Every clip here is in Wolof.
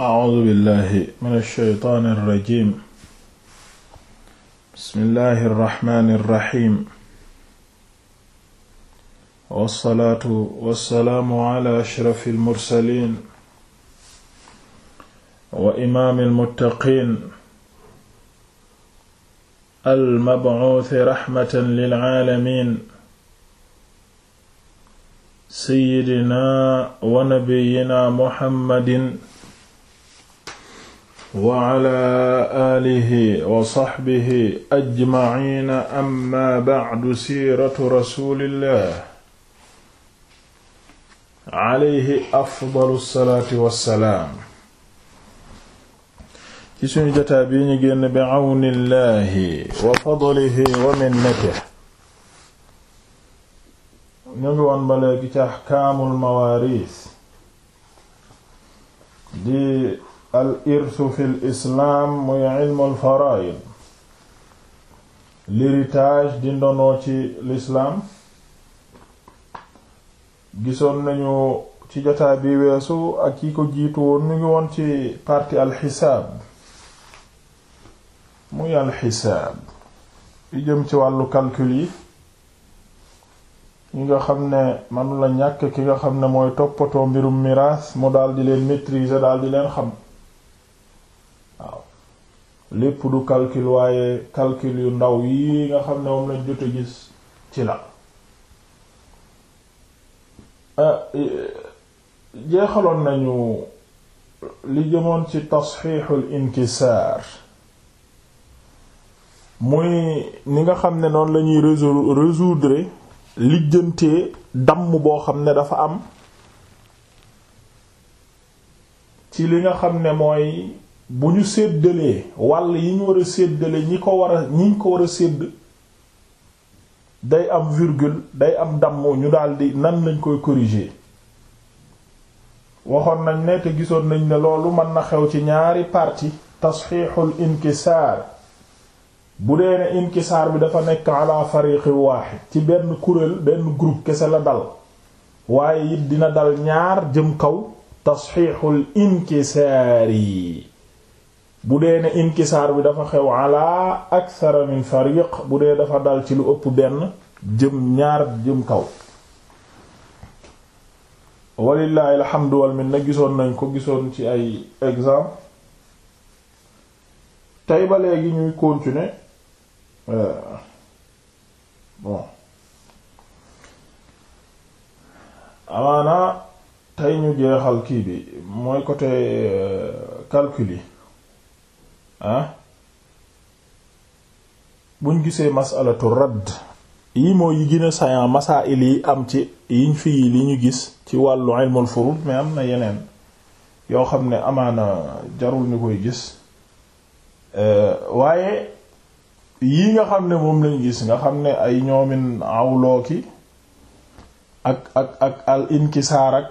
A'uuzu billahi mina shaytaani rajiim. Bismillahi rahmaani rahiim. Wassalaatu wassalaamu alaa ashrafil mursaliin. Wa imaamil muttaqiin. Al-mab'uusi rahmatan lil aalamiin. Sayyidinaa wa nabiyyinaa Muhammadin. wa ala aalihi wa saxbihi ajmaciina amma bacdu siiratu rasuulillah alayhi afdalu salaati wa salaam. ci sunu jotaay bi ñu génn bi cawnillahi wa al irsu fi lislaam muy ilmul faraid l'héritage di ndonoo ci l'islaam gisoon nañu ci jotaay bi weesu ak yi ko jiitu woon ñu ngi woon ci partie alxisaab muy alxisaab yi jëm ci wàllu calcul yi ñi nga xam ne manu la ñàkk ki nga xam ne mooy toppatoo mbirum miraas mu daal di leen maîtriser daal di leen xam lépp du calcul waaye calcul yu ndaw yi nga xam ne moom lañ jot a gis ci la ah, eh, jeexaloon nañu li jëmoon ci tasxiixul inkisaar muy ni nga xam ne noonu lañuy résoudre résoudre lijjantee damm boo xam ne dafa am ci li nga xam ne mooy bu ñu seddalee wàll yi ñu war a séddale ñi ko war a ñi ko war a sédd day am virgule day am damm ñu daldi nan lañ koy corriger waxoon nañ ne te gisoon nañ ne loolu mën na xew ci ñaari partie tasxiixul inkisaar bu dee ne inkisaar bi dafa nekk ala fariqi ci benn kuréel benn groupe kese la dal waaye it dina dal ñaar jëm kaw tasxiixul inkisaar yi bu dee ne inkisaar bi dafa xew ala akthara min fariq bu dee dafa dal ci lu ëpp benn jëm ñaar jëm kaw walillahi alhamdu wal minna gisoon nañ ko gisoon ci ay exemple tey ba léegi ñuy continuer euh, bon amaana tey ñu jeexal kii bi mooy côté euh, calcul yi Ah? buñ gisee masalatu radd yi mooy yi gën a sayan masail yi am ci yiñ fii li ñu gis ci wàllu ilmul furud mais am na yeneen yoo xam ne amaana jarul ñu koy gis eh, waaye yii nga xam ne moom lañ gis nga xam ne ay ñoomin awlooki ak ak ak al inkisaar ak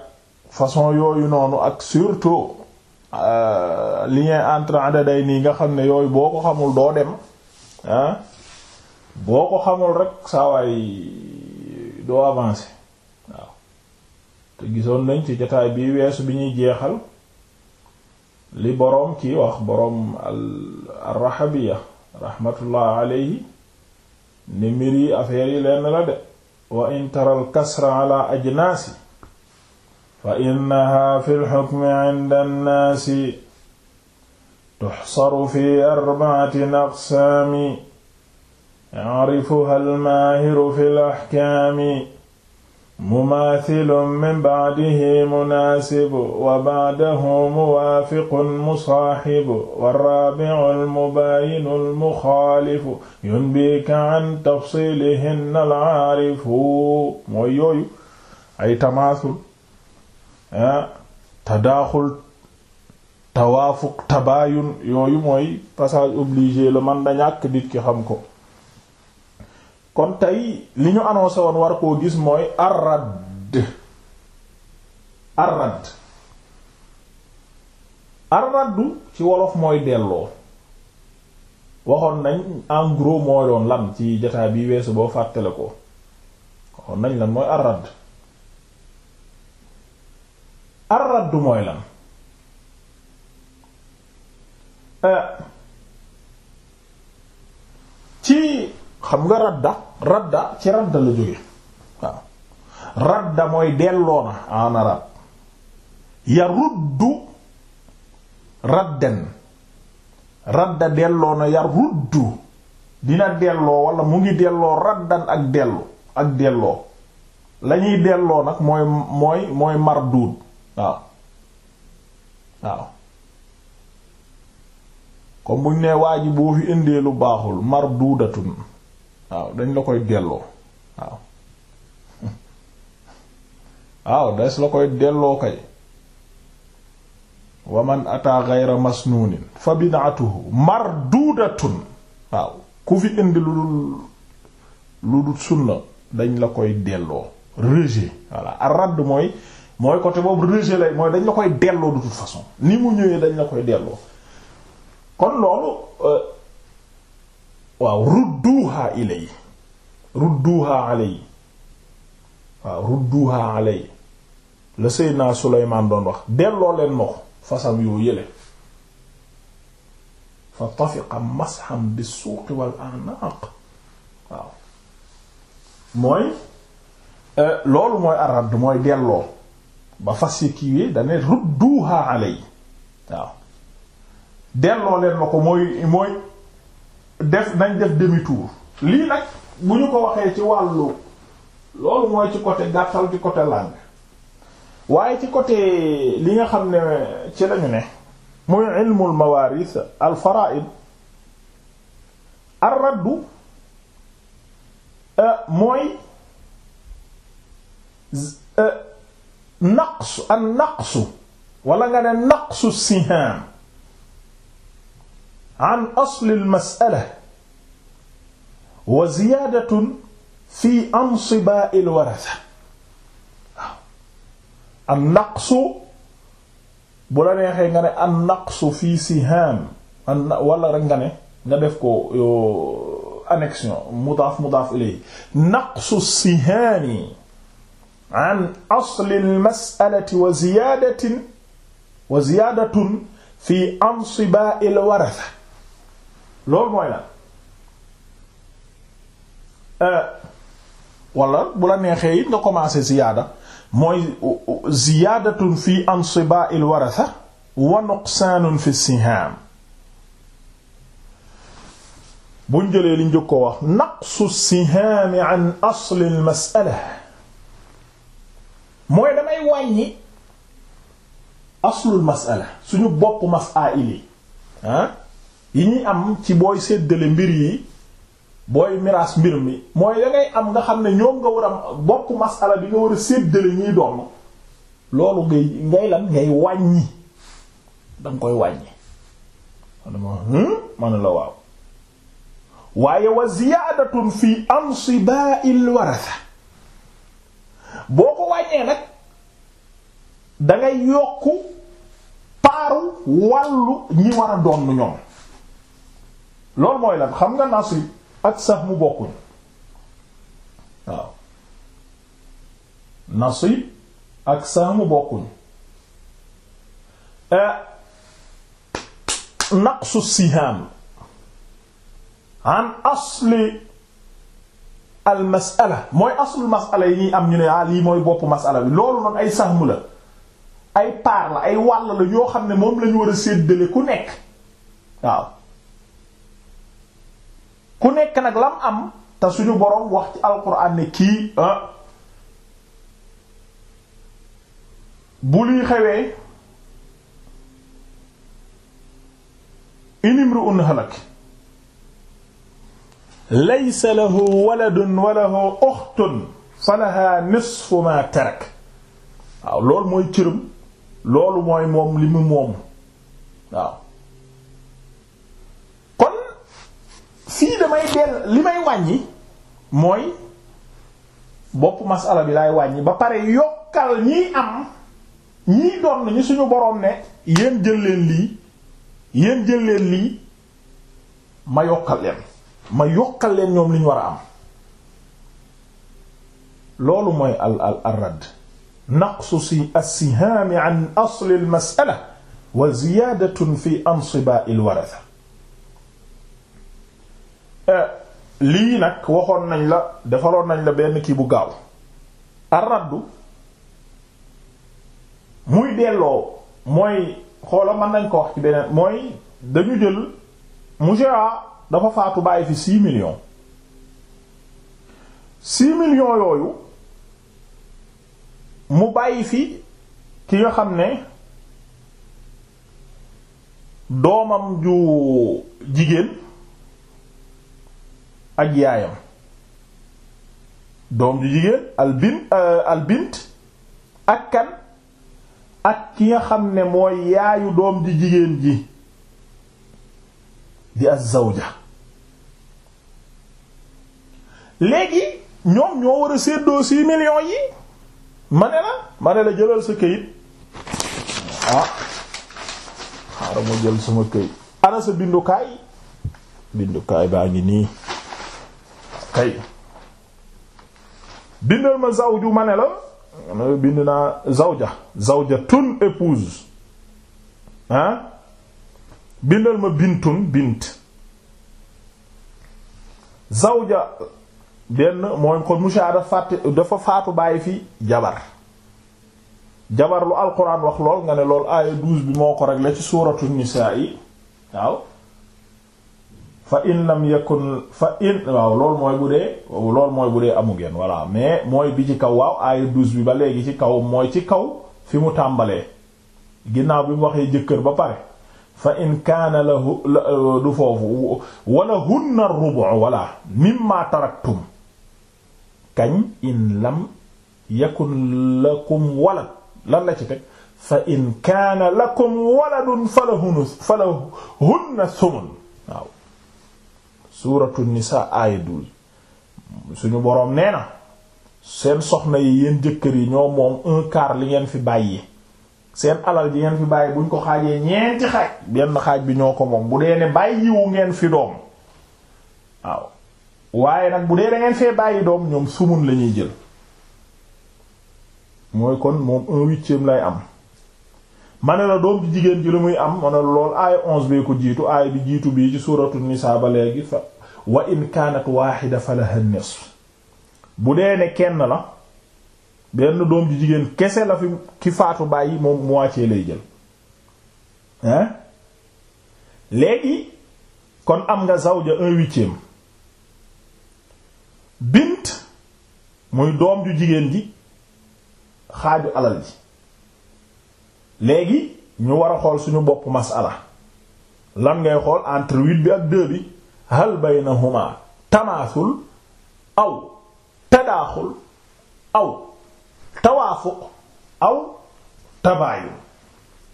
façon yooyu noonu ak surtout Euh, lien entre adaday nii nga xam ne yooyu boo ko xamul doo dem ah, boo ko xamul rek saawaay doo avancer waaw te gisoon nañ ci jotaay bi weesu bi ñuy jeexal li boroom kii wax boroom al-Rahabiyya rahmatullah alayhi ni mbir yi affaire la de wa in kasra ala ajnaasi fa innaha fi lxukmi inda annaasi tuxsaru fi arbacati aqsaami yacrifuha almaahiru fi laxkaami mumaahilun min bacdihi munaasibu wa bacdahu muwaafiqun musaaxibu warraabicu almubaayinu almuxaalifu yunbiika can tafsiilihinna alcaarifu mooy yooyu ay tamaasul tadaaxul tawaafuq tabaayun yooyu mooy passage obligé la man da ñàkk nit ki xam ko kon tey li ñu annoncé woon war koo gis mooy arradd arradd arraddu ci wolof mooy delloo waxoon nañ en gros mooy doon lan ci jataa bi weesu boo fàttale ko waxoon nañ lan mooy arad ar-radd mooy lan eh, ci xam nga radda radda ci radda la jóge waaw radda mooy delloo na en arabe yaruddu radden radda delloo na yaruddu dina delloo wala mu ngi delloo raddan ak dellu ak delloo la delloo nag mooy mooy mooy marduud waaw waaw comme buñ ne waa ji fi indee lu baaxul mar duudatun waaw dañ la koy delloo waaw des la koy delloo kay waman ata ghayra masnunin fa bid'atuhu mardudatun waaw ku fi indi lu dul lu sunna dañ la koy delloo rejet voilà ar radd mooy mooy côté boobu rejet mooy dañ la koy delloo de toute façon ni mu ñëwee dañ la koy delloo kon loolu euh, waaw rudduha ilay rudduha alay waaw rudduha alay la Seydina Sulaymaan doon wax delloo leen ma ko fasam yoo yële fa tafiqa masxam bi suuqi wal anaaq waaw mooy euh, loolu mooy arad mooy delloo ba fas yi kiiwee dane rudduha alay waaw delloo leen ma ko mooy mooy def nañ def demi lii nag bu ñu ko waxee ci wàllu loolu mooy ci côté gàttal ci côté langue waaye ci côté li nga xam ne ci lañu ne muy ilmul mawaris al fara'id euh, mooy euh, naqsu an naqsu wala nga ne naqsu sihaam an asli almasala wa ziyaadatun fi ansibaa il warasa waaw an naqsu bu la neexee nga ne an naqsu fi sihaam an wala rek nga ne nga def ko annexion mudaaf mudaaf ilay naqsu sihaami an asli almasalati wa ziyaadatin wa ziyaadatun fi ansibaai alwaratha loolu mooy la euh, wala bu la neexee it nga commencé ziyaada mooy ziyaadatun fi ansibaai alwaratha wa nuqsaanun fi sihaam buñ jëlee liñ jëkk ko wax naqsu sihaami an asli almasala mooy damay wàññi aslul masala suñu bokk masaili ah yi ñuy am ci booy séddale mbir yi booy miraas mbir mi mooy da am nga xam ne ñoom nga war a bopp masala bi nga war a séddale ñuy doon loolu ngay ngay lan ngay wàññi danga koy wàññi man hmm? la waaw waaye wa ziyaadatun fi ansibaa'il waratha boo ko wàññee nag dangay yokku paaru wàllu ñi war a doon ñoom loolu mooy lan xam nga nasri ak sax mu bokkuñ waaw nasri ak sax mu bokkuñ eh, naqsu siham an asli al masala mooy aslul masala yi ñuy am ñu ne ah lii mooy boppu masala bi loolu noonu ay saxmu la ay paar la ay wàll la yoo xam ne moom lañu war a séddale ku nekk waaw ku nekk nag lam am te suñu boroom wax ci alquran ne kii ah, bu luy xewee inimru un halak laysa lahu waladun wa lahu ukhtun falaha nisfu waaw loolu mooy cëram loolu mooy moom li mu moom waaw kon fii damay dell li may wàññi mooy bopp masala bi laay wàññi ba pare yokkal ñiy am ñii doon nañu suñu boroom ne yéen jël leen lii yéen jël leen lii ma yokkal leen ma yokkal leen ñoom li war a am loolu mooy al al al radd naqsu si as-sihaam an asli al-mas'ala wa ziyaadatun fi ansibaa'i al-waratha eh, lii nag waxoon nañ la defaloon nañ la benn kii bu gaaw al raddu muy delloo mooy xoola mën nañ ko wax ci beneen mooy dañu jël mu jaa dafa faatu bàyyi fi six millions six millions yooyu mu bàyyi fi ki nga xam ne doomam ju jigéen ak yaayam doom ju jigéen albin euh, albint ak kan ak ki nga xam ne mooy yaayu doom di jigéen ji di az-zawja léegi ñoom ñoo war a séddoo six millions yi ma ne la jëlal sa këyit ah xaaral ma jël suma këyit ana sa bindukaay bindukaay baa ngi nii kay bindal ma zawju ma ne la man bind naa zawja zawja tun épouse ah bindal ma bintun bint zawja benn mooy kon Musa dafa faatu bàyyi fi jabar jabar lu alquran wax lool nga ne lool aaya douze bi moo ko réglé ci suuratu nisaa yi waaw fa in lam yakun fa in waaw loolu mooy bu dee loolu mooy bu dee amu ngeen voilà mais mooy bi ci kaw waaw aaya douze bi ba léegi ci kaw mooy ci kaw fi mu tàmbalee ginnaaw bi mu waxee jëkkër ba pare fa in kaana lahu du foofu wala hunna rubu wala mimma taraktum kañ in lam yakun lakum walad lan la ci teg fa in kaana lakum waladun falahun falahunna sumun waaw suuratu nisaa aaya suñu boroom nee na seen soxna yi yéen jëkkër yi ñoo moom un quart li ngeen fi bàyyi seen alal ji ngeen fi bàyyi buñ ko xaajee ñeenti xaaj benn xaaj bi ñoo ko moom bu dee ne bàyyiwu ngeen fi doom waaw waaye nag bu dee da fee bàyyi doom ñoom sumun la ñuy jël mooy kon moom un huitième lay am ma ne la doom ji jigéen ji lu muy am ma ne la lool aaya onze bee ko jiitu aaya bi jiitu bii ci suuratu nisa ba léegi fa wa in kaanat waaxida falaha nisf bu dee ne kenn la benn doom ji jigéen kese la fi ki faatu bàyyi moom moitié lay jël hein léegi kon am nga zawja un huitième bint muy doom ju jigéen ji xaaju alal ji léegi ñu war xool suñu bopp masala lan ngay xool entre huit bi ak deux bi hal baynahuma tamaasul aw tadaaxul aw tawaafuq aw tabaayun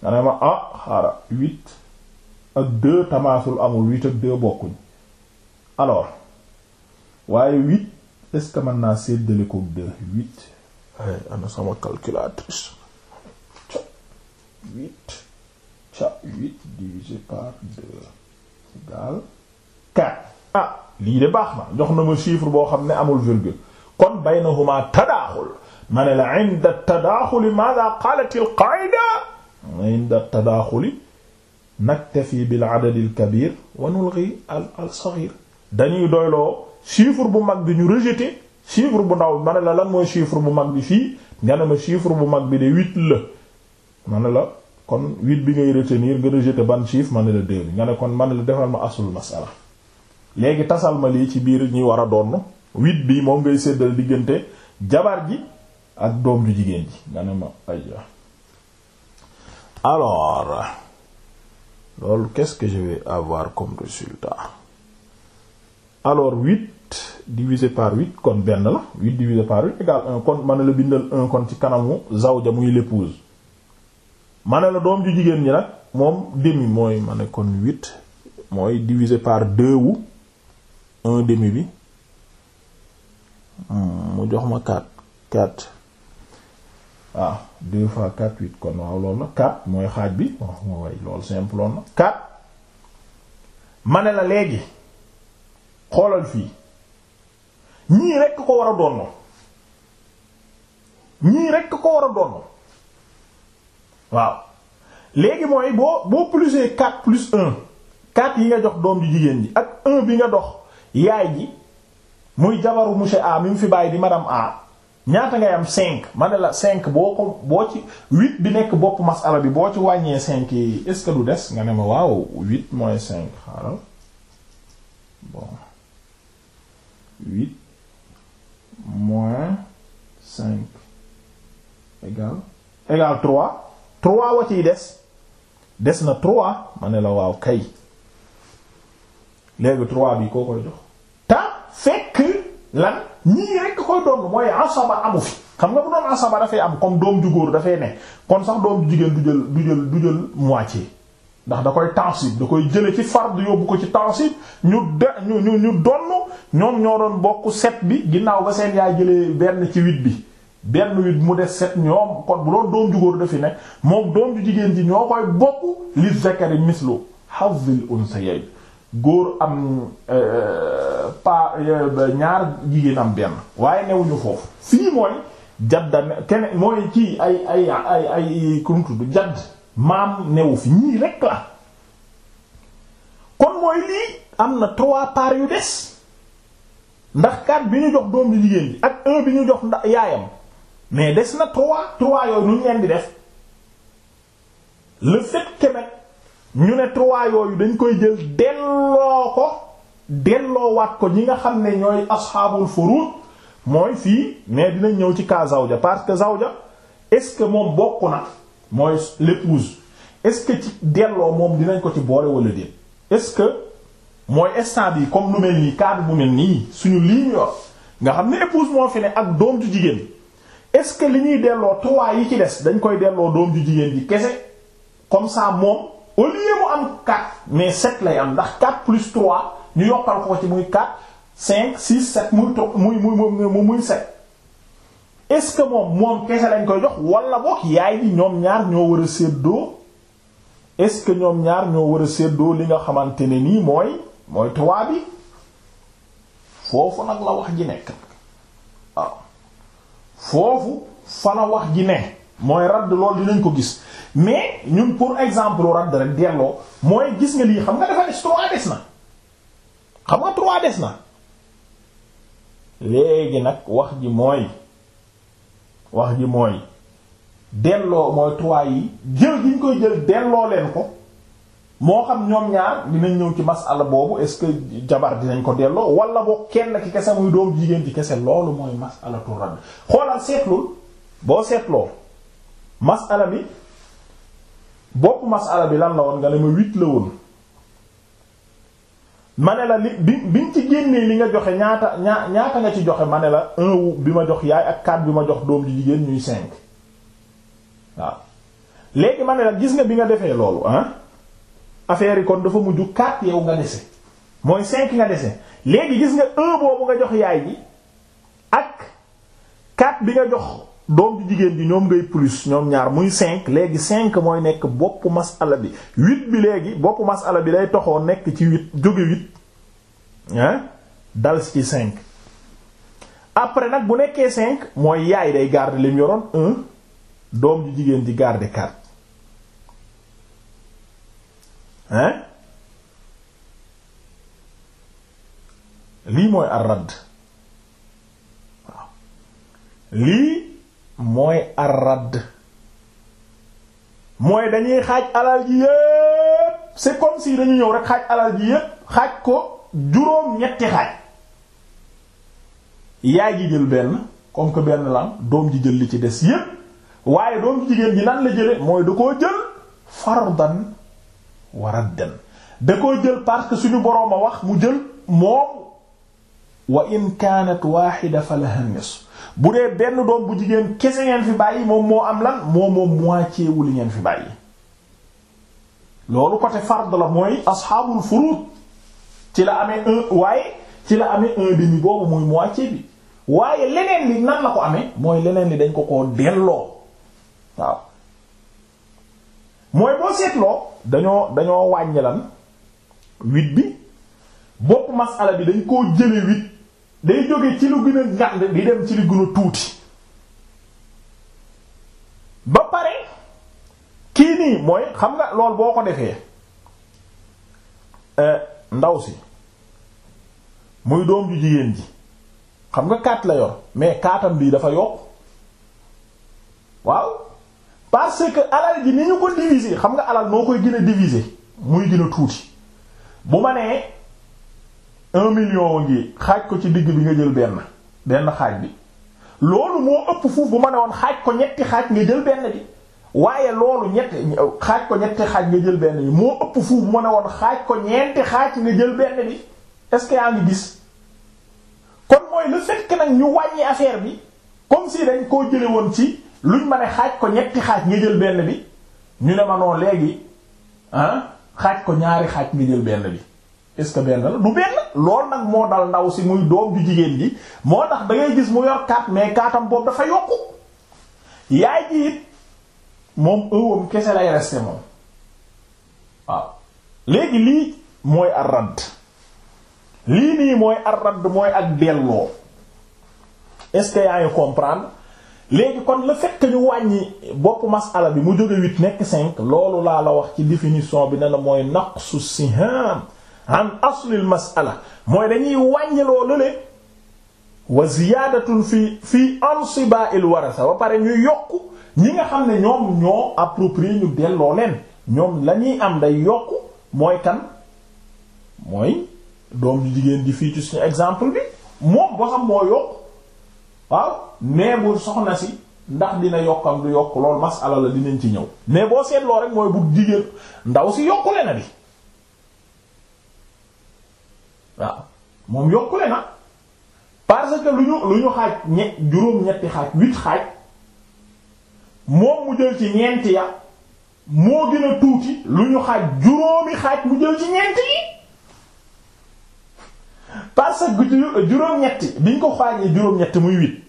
nga ne ma ah xaaral huit ak deux tamaasul amul huit ak deux bokkuñ alors waaye huit est-ce que mën naa séddale ko deux huit ay eh, ana sama calculatrice ca huit ca huit divisé par deux égal quatre ah lii de baax na jox na ma chiffre boo xam ne amul virgule kon baynahuma tadaaxul ma ne la inda tadaaxuli maada qaalat al qaida inda tadaaxuli naktafi bil adad al kabir wa nulghi al al saghir dañuy doyloo chiffre bu mag bi ñu rejeté chiffre bu ndaw bi ma ne la lan mooy chiffre bu mag bi fii nga ne ma chiffre bu mag bi de huit la ma ne la kon huit bi ngay retenir nga rejeté ban chiffre ma ne la deux bi nga ne kon ma ne la defal ma asul masala léegi tasal ma lii ci biir ñi war a doon huit bi moom ngay séddal diggante jabar ji ak doom ju jigéen ji nga ne ma aywa alors loolu qu'est-ce que je vais avoir comme résultat alors huit divisé par huit kon benn la huit divisé par huit égal un kon ma ne la bindal un kon ci kanamu zawja muy l'épouse ma ne la doom ju jigéen ñi nag moom demi mooy ma ne kon huit mooy divisé par deux wu un demi bi hmm, mu jox ma quatre quatre waaw ah, deux fois quatre huit kon waaw loolu la quatre mooy xaaj bi waaw oh, waaye loolu simple loon na quatre ma la léegi xoolal fii ñii rekk ko war a doonoo ñii rekk ko war a doonoo waaw léegi mooy boo boo plusee 4 plus 1 4 yi nga jox doom ji jigéen ji ak 1 bi nga dox yaay ji muy jabaru monsieur A mi mu fi bàyyi di madame A ñaata ngay am 5 ma ne la cinq boo ko boo ci 8 bi nekk bopp masala bi boo ci wàññee 5 yi est du des nga ne ma waaw 8 moins 5 xaaral bon moins cinq égal égal trois trois wa ciy des des na trois ma ne la waaw kay léegi trois bi koo koy jox te fekk lan ñii rekk koy doon mooy asaba amu fi xam nga bu doon asaba dafay am comme doom ju góor dafay ne kon sax doom ju jigéen du jël du jël du jël moitié ndax da koy tansib da koy jële ci fard yóbbu ko ci tansib ñu de ñu ñu ñu donn ñoom ñoo doon bokk set bi ginnaaw ba seen yaay jëlee benn ci huit bi benn wit mu des set ñoom kon bu doon doom ju dafi ne moom doom ju jigéen ji ñoo koy bokk li zakari mislu hazil unsayayn góor am euh, pa euh, ñaar jigéen am benn waaye newuñu foofu fii mooy jadda ne keneen mooy kii ay ay ay ay kuntu du jadd maam newu fi ñii rek la kon mooy lii am na trois parts yu des ndax quatre bi ñu jox doom bi jigéen ji ak un bi ñu jox ndax yaayam mais des na trois trois yooyu nu ñu leen di def le fait que ñu ne trois yooyu dañ koy jël delloo ko delloowaat ko ñi nga xam ne ñooy asxaabul furuud mooy fii mais dinañ ñëw ci cas zawja parce que zawja est-ce que moom bokk na mooy l'épouse est-ce que ci delloo moom dinañ ko ci boole wala déet est-ce que mooy instant yi comme nu mel nii cadre bu mel nii suñu lii ñu yor nga xam ne épouse moo fi ne ak doom ju jigéen est-ce que li ñuy delloo trois yi ci des dañ koy delloo doom ju jigéen ji kese comme ça moom au lieu mu am quatre mais sept lay am ndax quatre plus trois ñu yokkal ko ci muy quatre cinq six sept muy muy muy mu muy sept est-ce que moom moom kese lañ koy jox wala boog yaay bi ñoom ñaar ñoo war a séddoo est-ce que ñoom ñaar ñoo war a séddoo li nga xamante ne nii mooy mooy tuwaa bi foofu nag la wax ji nekk waaw foofu fa la wax ji ne mooy radd loolu dinañ ko gis mais ñun pour exemple radd rek delloo mooy gis nga lii xam nga dafa trois des na xam nga trois des na léegi nag wax ji mooy. wax ji mooy delloo mooy trois yi jël gi ñu koy jël delloo leen ko moo xam ñoom ñaar dinañ ñëw ci masala boobu est-ce que jabar dinañ ko delloo wala boo kenn ki kese muy doom jigéen ci kese loolu mooy masalatu radd xoolal seetlul boo seetloo masala bi bopp masala bi lan la woon nga ne ma huit la woon ma ne la li bi bi ci génnee li nga joxe ñaata ñaata nga ci joxe ma ne la un bi ma jox yaay ak quatre bi ma jox doom ji jigéen ñuy cinq waaw léegi ma ne la gis nga bi nga defee loolu ah affaire yi kon dafa mujj quatre yow nga dese mooy cinq nga dese léegi gis nga un boobu nga jox yaay ji ak quatre bi nga jox doom bi jigéen ji ñoom ngay plus ñoom ñaar muy cinq léegi cinq mooy nekk boppu masala bi huit bi léegi boppu masala bi day toxoo nekk ci huit jóge huit hein dal ci cinq après nag bu nekkee cinq mooy yaay day garder lim yoroon doom ji jigéen ji garder quatre hein lii mooy arad waaw lii mooy arad mooy dañuy xaaj alal ji yépp c'est comme si dañu ñëw rek xaaj alal ji yépp xaaj ko juróom ñetti xaaj yaay ji jël benn comme que benn lan doom ji jël li ci des yépp waaye doom jigéen ji lan la jële mooy da koo jël fardan wa raddan da koo jël parce que suñu boroom a wax mu jël moom wa in kaanat waaxida fa laha nisf bu dee benn doom bu jigéen kese ngeen fi bàyyi moom moo am lan moo moom moitié wu li ngeen fi bàyyi loolu côté fard la mooy asxaabul furud ci la amee un waaye ci la amee un bi mooy leneen li dañ koo delloo waaw mooy boo seetloo bi bopp masala bi dañ koo jële huit day jóge ci lu gën a ngand dem ci lu gën tuuti ba pare kii nii mooy xam nga lool boo ko defee euh, ndaw si muy doom ju jigéen ji xam nga kaat la yor mais kaatam bii dafa yokk waaw parce que alal ji ni ñu ko diviser xam nga alal noo koy gën a diviser muy gën tuuti bu ma nee un million ngi xaaj ko ci digg bi nga jël benn benn xaaj bi loolu moo ëpp fuuf bu ma ne woon xaaj ko ñetti xaaj nga jël benn bi waaye loolu ñetti xaaj ko ñetti xaaj nga jël benn bi moo ëpp fuuf ne woon xaaj ko ñeenti xaaj nga jël benn bi est-ce que yaa ngi gis kon mooy le fait nag ñu wàññi affaire bi comme si dañ koo jële woon ci luñ ma ne xaaj ko ñetti xaaj nga jël benn bi ñu ne ma noonu léegi ah xaaj ko ñaari xaaj nga jël benn bi est-ce que benn la du benn loolu nag moo dal ndaw si muy doom ju jigéen ji moo tax da gis mu yor kaat mais kaatam boobu dafa yokku yaay ji moom ëwam kese lay resté moom waaw léegi lii mooy arrad lii nii mooy arrad mooy ak delloo est-ce yaa ngi comprendre léegi kon la fekk que ñu wàññi boppu masala bi mu jóge nekk cinq loolu laa la wax ci définition bi ne la mooy naqsu siham an aslil masala mooy dañuy wàññi loolu le wa ziyaadatun fi fi ansibaa'il warasa ba pare ñu yokk ñi nga xam ne ñoom ñoo approprié ñu delloo leen ñoom lañuy am day yokk mooy kan mooy doom ju jigéen di fii ci suñu exemple bi moom boo xam moo yokk waaw mais bu soxna si ndax dina yokkam du yokk loolu masala la dinañ ci ñëw mais boo seetloo rek mooy bu jigéen ndaw si yokku le bi waaw moom yokkule na parce que lu ñu lu ñu xaaj ñe juróom-ñetti xaaj huit xaaj moom mu jël ci ñeenti ya moo gën a tuuti lu ñu xaaj juróomi xaaj mu jël ci ñeenti yi parce que juróom-ñetti bi ñu ko xaajee juróom-ñetti muy huit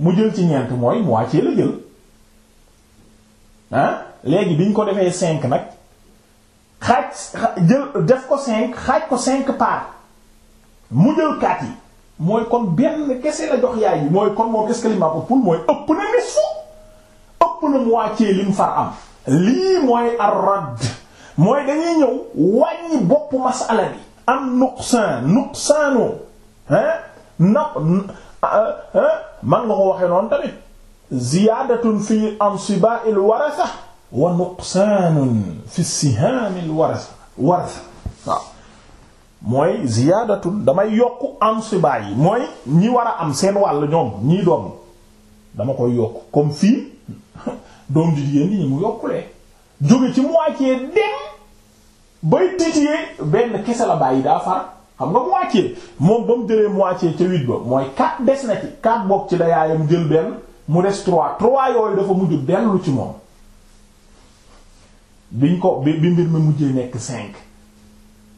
mu jël ci ñeent mooy moitié la jël ah léegi bi ñu ko defee cinq nag. xaaj jël def ko cinq xaaj ko cinq parts mu jël kaat yi mooy kon benn kese la jox yaay yi mooy kon moom est-ce que li ma pour mooy ëpp na nisfu ëpp na mu wàccee lim far am lii mooy ar mooy dañuy ñëw wàññi bopp masala bi am nuqsaan nuqsaanu hein naq man nga ko waxee noonu tamit ziyaadatun fi ansiba'il warasa wa nuqsaanun fi sihaamil warsa warsa waaw mooy ziyaadatun damay yokk am si bàyyi mooy ñi war a am seen wàll ñoom ñii doom dama koy yokk comme fii doom di jigéen ñi mu yokkulee jóge ci moitié dem bay titiyee benn kese la bàyyi daa far xam nga moitié moom ba mu jëlee moitié ca huit ba mooy quatre des na ci quatre bokk ci la yaayam jël benn mu des trois trois yooyu dafa mujj dellu ci moom. biñ ko bi mbir mi mujjee nekk cinq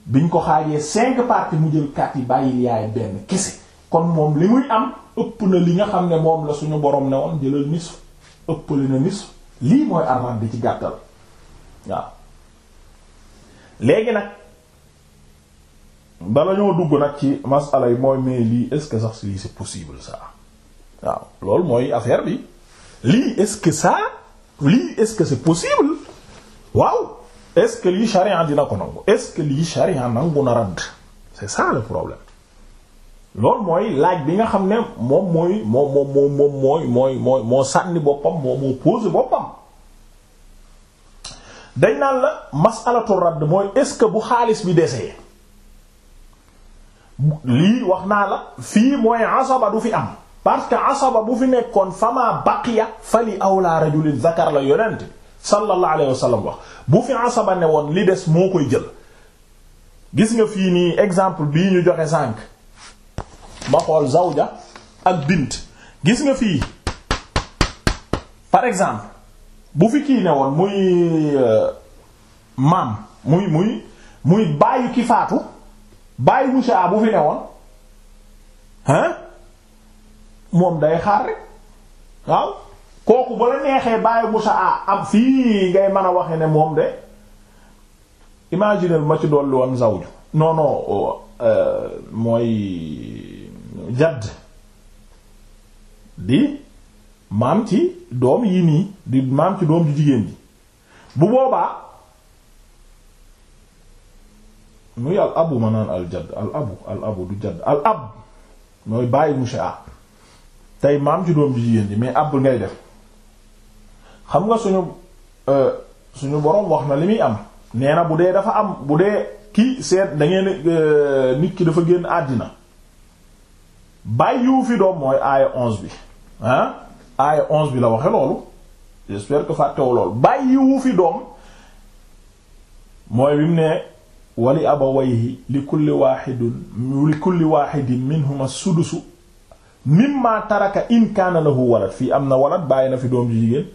biñ ko xaajee cinq parties mu jël quatre yi bàyyil yaay benn kese kon moom li muy am ëpp na li nga xam ne moom la suñu borom ne woon jëlal nisf ëppali na nisf lii mooy arman bi ci gàttal waaw léegi nag bala ñoo dugg nag ci masala yi mooy mais lii est-ce que sax lii c'est possible ça waaw loolu mooy affaire bi lii est-ce que ça lii est-ce que c'est possible waaw est-ce que lii charia dina ko nangu est-ce que lii charia nangu na radd c'est ça le problème loolu mooy laaj bi nga xam ne moom mooy moom moom moom mooy mooy mooy moo sànni boppam moo moo boppam dañ naan la masalatu radd mooy est-ce que bu xaalis bi desee lii wax naa la fii mooy asaba du fi am parce que asaba bu fi nekkoon fama baqiya fali awla rajulin zakar la yonent sallallahu alayhi wa sallam bu fi asaba ne woon li des moo koy jël gis nga fii nii exemple bii ñu joxe sànq ma xool zawja ak bind gis nga fii par exemple bu fi kii ne woon muy euh, maam muy muy muy bàyyi ki faatu bàyyi musa bu fi ne woon hein moom day xaar rek waaw kooku ba la neexee bàyyi Musa a am fii ngay man a waxe ne moom de imaginer ma ci dolli woon zawju non non euh, euh, mooy jadd di maam ci doom yi nii di maam ci doom ju jigéen ji bu boobaa muy al abu ma naan al jadd al abu al abu du jadd al ab mooy bàyyi Musa a tey maam ci doom ju jigéen ji mais ab ngay def xam nga suñu euh, suñu borom wax na li muy am nee na bu dee dafa am bu dee kii seet da ngeen euh, nit ki dafa génn àddina bàyyiwu fi doom mooy bi ah onze bi la waxe loolu bàyyiwu fi doom mooy bi mu ne wali abawayhi li kulli wahidin li kulli wahidin minhuma sudusu mimma taraka in kaana lahu walad fii am na walad bàyyi na fi doom ju jigéen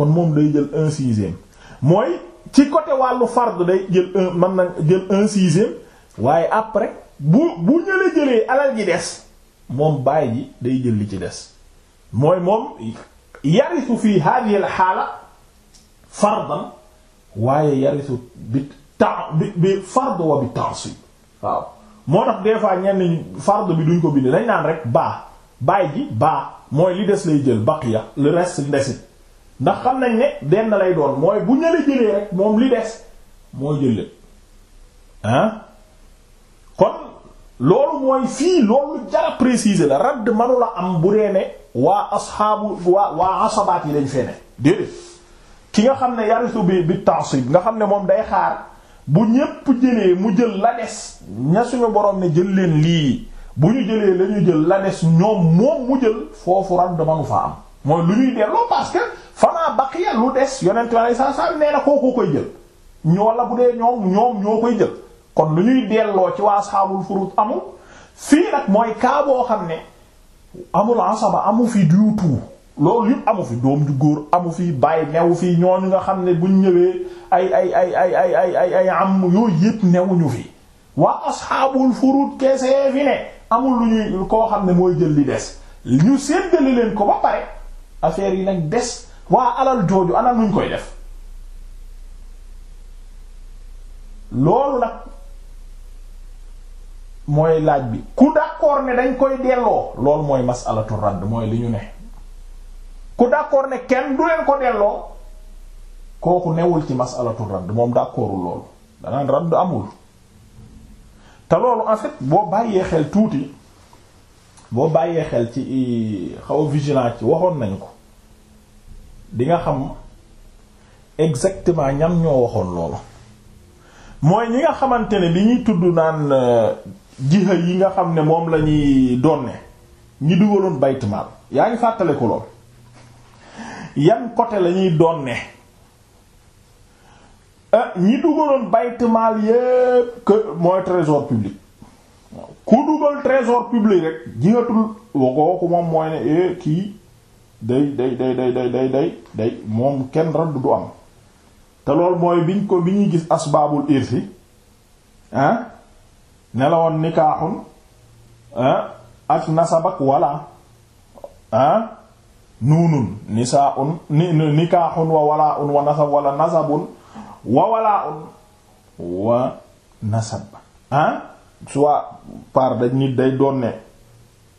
kon moom day jël un sixième mooy ci côté wàllu fard day jël un mën na jël un sixième waaye après bu bu ñële jëlee alal ji des moom baay ji day jël li ci des mooy moom yarisu fii hadihi al xaala fardan waaye yarisu bi temps bi bi fard wa bi temps yi waaw moo tax des fois ñenn fard bi duñ ko bind lañ naan rek baa baay ji baa mooy li des lay jël baqiya le reste ndesit ndax xam nañ ne benn lay doon mooy bu ñële jëlee rek moom li des mooy jël ah kon loolu mooy fii loolu jara préciser la radd manula am bu reene ne waa asxaabu waa waa asabaat yi lañ fene déedéet ki nga xam ne yarisu bi bi ta'sib nga xam ne moom day xaar bu ñépp jëlee mu jël la des ña suñu borom ne jël leen lii bu ñu jëlee la jël la des ñoom moom mu jël foofu radd manu fa am mooy lu ñuy delloo parce que fama baqiya lu des yonent bi saa saa nee na kooku koy jël ñoo la bu dee ñoom ñoom ñoo koy jël kon lu ñuy delloo ci waa saabul furud amul fii mooy kaa xam ne amul asaba amu fi du tout amu fi doom góor amu fi bàyyi newu fi ñooñu nga xam ne buñ ñëwee ay ay ay ay ay ay ay ay am yooyu fi waa asxaabul furud keesee fi ne amul lu ñuy koo xam ne mooy jël li des ñu séddale leen ko ba pare affaire yi nag des. waa alal jooju ana nuñ koy def loolu nag mooy laaj bi ku d'accord ne dañ koy delloo lool mooy masalatu radd mooy li ñu ne ku d'accord ne kenn du leen ko delloo kooku newul ci masalatu radd moom d'accordul loolu danaan radd amul te loolu en boo bàyyee xel tuuti boo bàyyee xel ci xaw a vigilant ci waxoon nañu ko di nga xam exactement ñam ñoo waxoon loolu mooy ñi nga xamante ne li ñuy tudd naan euh, jiha yi nga xam ne moom la ñuy donne ñi dugaloon baytumaal yaa ngi fàttale ko lool yan côté la ñuy ah ñi dugaloon baytumaal yépp que mooy trésor public ku dugal trésor public rek jihatul woo ko moom mooy ne eh, kii day day day day day moom kenn radd du am te loolu mooy biñ ko bi ñuy gis asbaabul irsi ah ne la nikaaxun ah ak nasabak wala ah nuunun nisaaun ni nikaaxun wa walaaun wa wa nasab ah soit par dañ nit day doon ne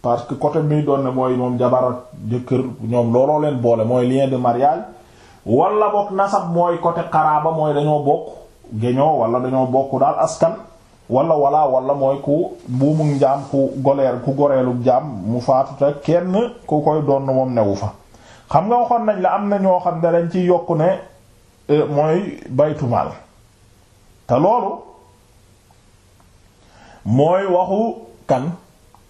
parce que côté mi doon ne mooy moom jabar ak jëkkër ñoom looloo leen boole mooy lien de mariage wala bokk nasab mooy côté xaraaba mooy dañoo bokk géñoo wala dañoo bokk daal askan wala wala wala mooy ku buumu njaam ku goleer ku goreelu jaam mu faatu te kenn ku koy doon moom newu fa xam nga waxoon nañ la am na ñoo xam ne dañ ci yokk ne e, mooy baytumaal te loolu mooy waxu kan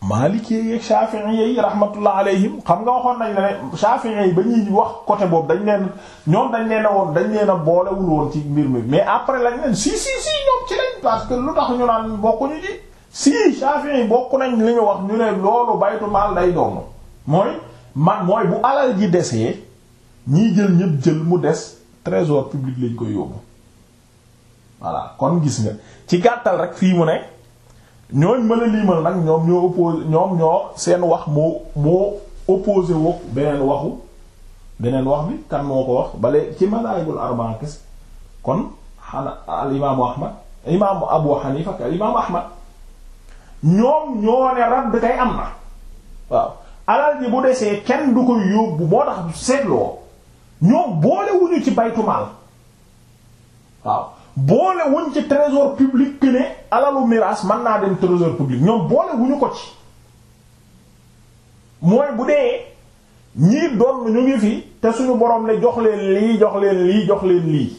Maliki yeeg Shafi'i yi rahmatullah alayhim xam nga waxoon nañ ne Shafi'i yi ba ñuy wax côté boobu dañ leen ñoom dañ leen a woon dañ leen a boolewul woon ci mbir mi mais après lañ leen si si si ñoom ci lañ parce que lu tax ñu naan bokkuñu ci si Shafi'i yi bokk nañ li wax ñu ne loolu baytu maal day doon mooy man mooy bu alal ji desee ñiy jël ñëpp jël mu des trésor public lañ koy yóbbu voilà kon gis nga ci gàttal rek fii mu ne. ñooñ mën a liimal nag ñoom ñoo opposé ñoom ñoo seen wax moo moo opposé woog beneen waxu beneen wax bi kan moo ko wax bale ci madaahibul arba'a kese kon xana al imaamu ahmad imaamu abu hanifa ak al imaamu ahmad ñoom ñoo ne radd kay am na waaw alal ji bu desee kenn du ko yóbbu moo tax seetloo ñoom boolewuñu ci baytu maal waaw boole wuñ ci trésor public que ne alalu miraas mën naa dem trésor public ñoom boole wuñu ko ci mooy bu dee ñii doon ñu ngi fi te suñu borom ne jox leen lii jox leen lii jox leen lii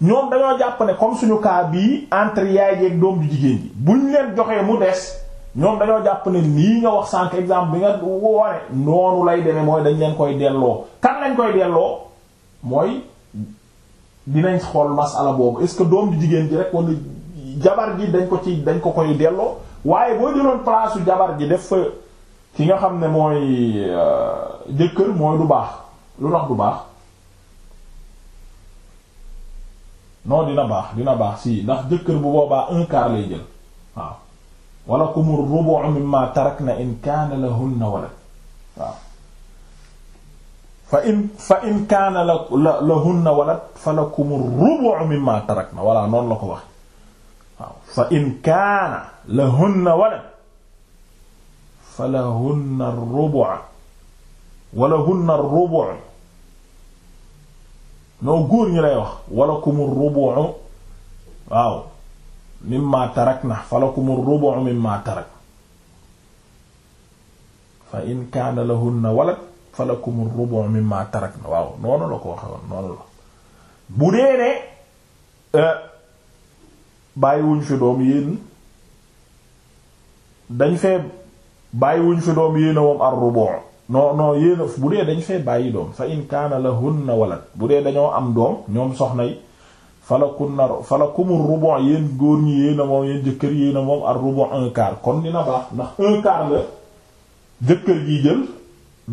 ñoom dañoo jàpp ne comme suñu kaa bii entre yaay yeeg doom ju jigéen ji buñ leen joxee mu des ñoom dañoo jàpp ne nii nga wax sànq exemple bi nga woone noonu lay deme mooy dañ leen koy delloo kan lañ koy delloo mooy dinañ xool masala boobu est-ce que doom di jigéen ji rek wala jabar ji dañ ko ci dañ ko koy delloo waaye boo jëloon place su jabar ji def fa ki nga xam ne mooy euh, jëkkër mooy du baax lu tax du baax non dina baax dina baax si ndax jëkkër bu boobaa un lay jël waaw wala kumur rubu' mimma tarakna in kana lahunna walad fa in fa in kaana la la lahunna walad fa lakum rubu mimma tarakna walla noonu la ko wax waaw fa in kaana lahunna walad fa lahunna rubu wala hunna rubu noo góor ñi lay wax walakum rubu waaw mimma tarakna fa lakum rubu mimma tarak fa in kaana lahunna walad falakum rubu' mimma tarakna waaw noonu la ko waxe woon noonu la bu dee euh, fi doom yéen dañ fee bàyyiwuñ fi doom dee dañ bàyyi doom fa in kaana na walad bu dee dañoo am doom ñoom soxna yi falakunna falakumu rubu' góor ñi yéen a moom yéen jëkkër yéen moom ar rubu' un quart kon dina baax ndax un la jëkkër ji jël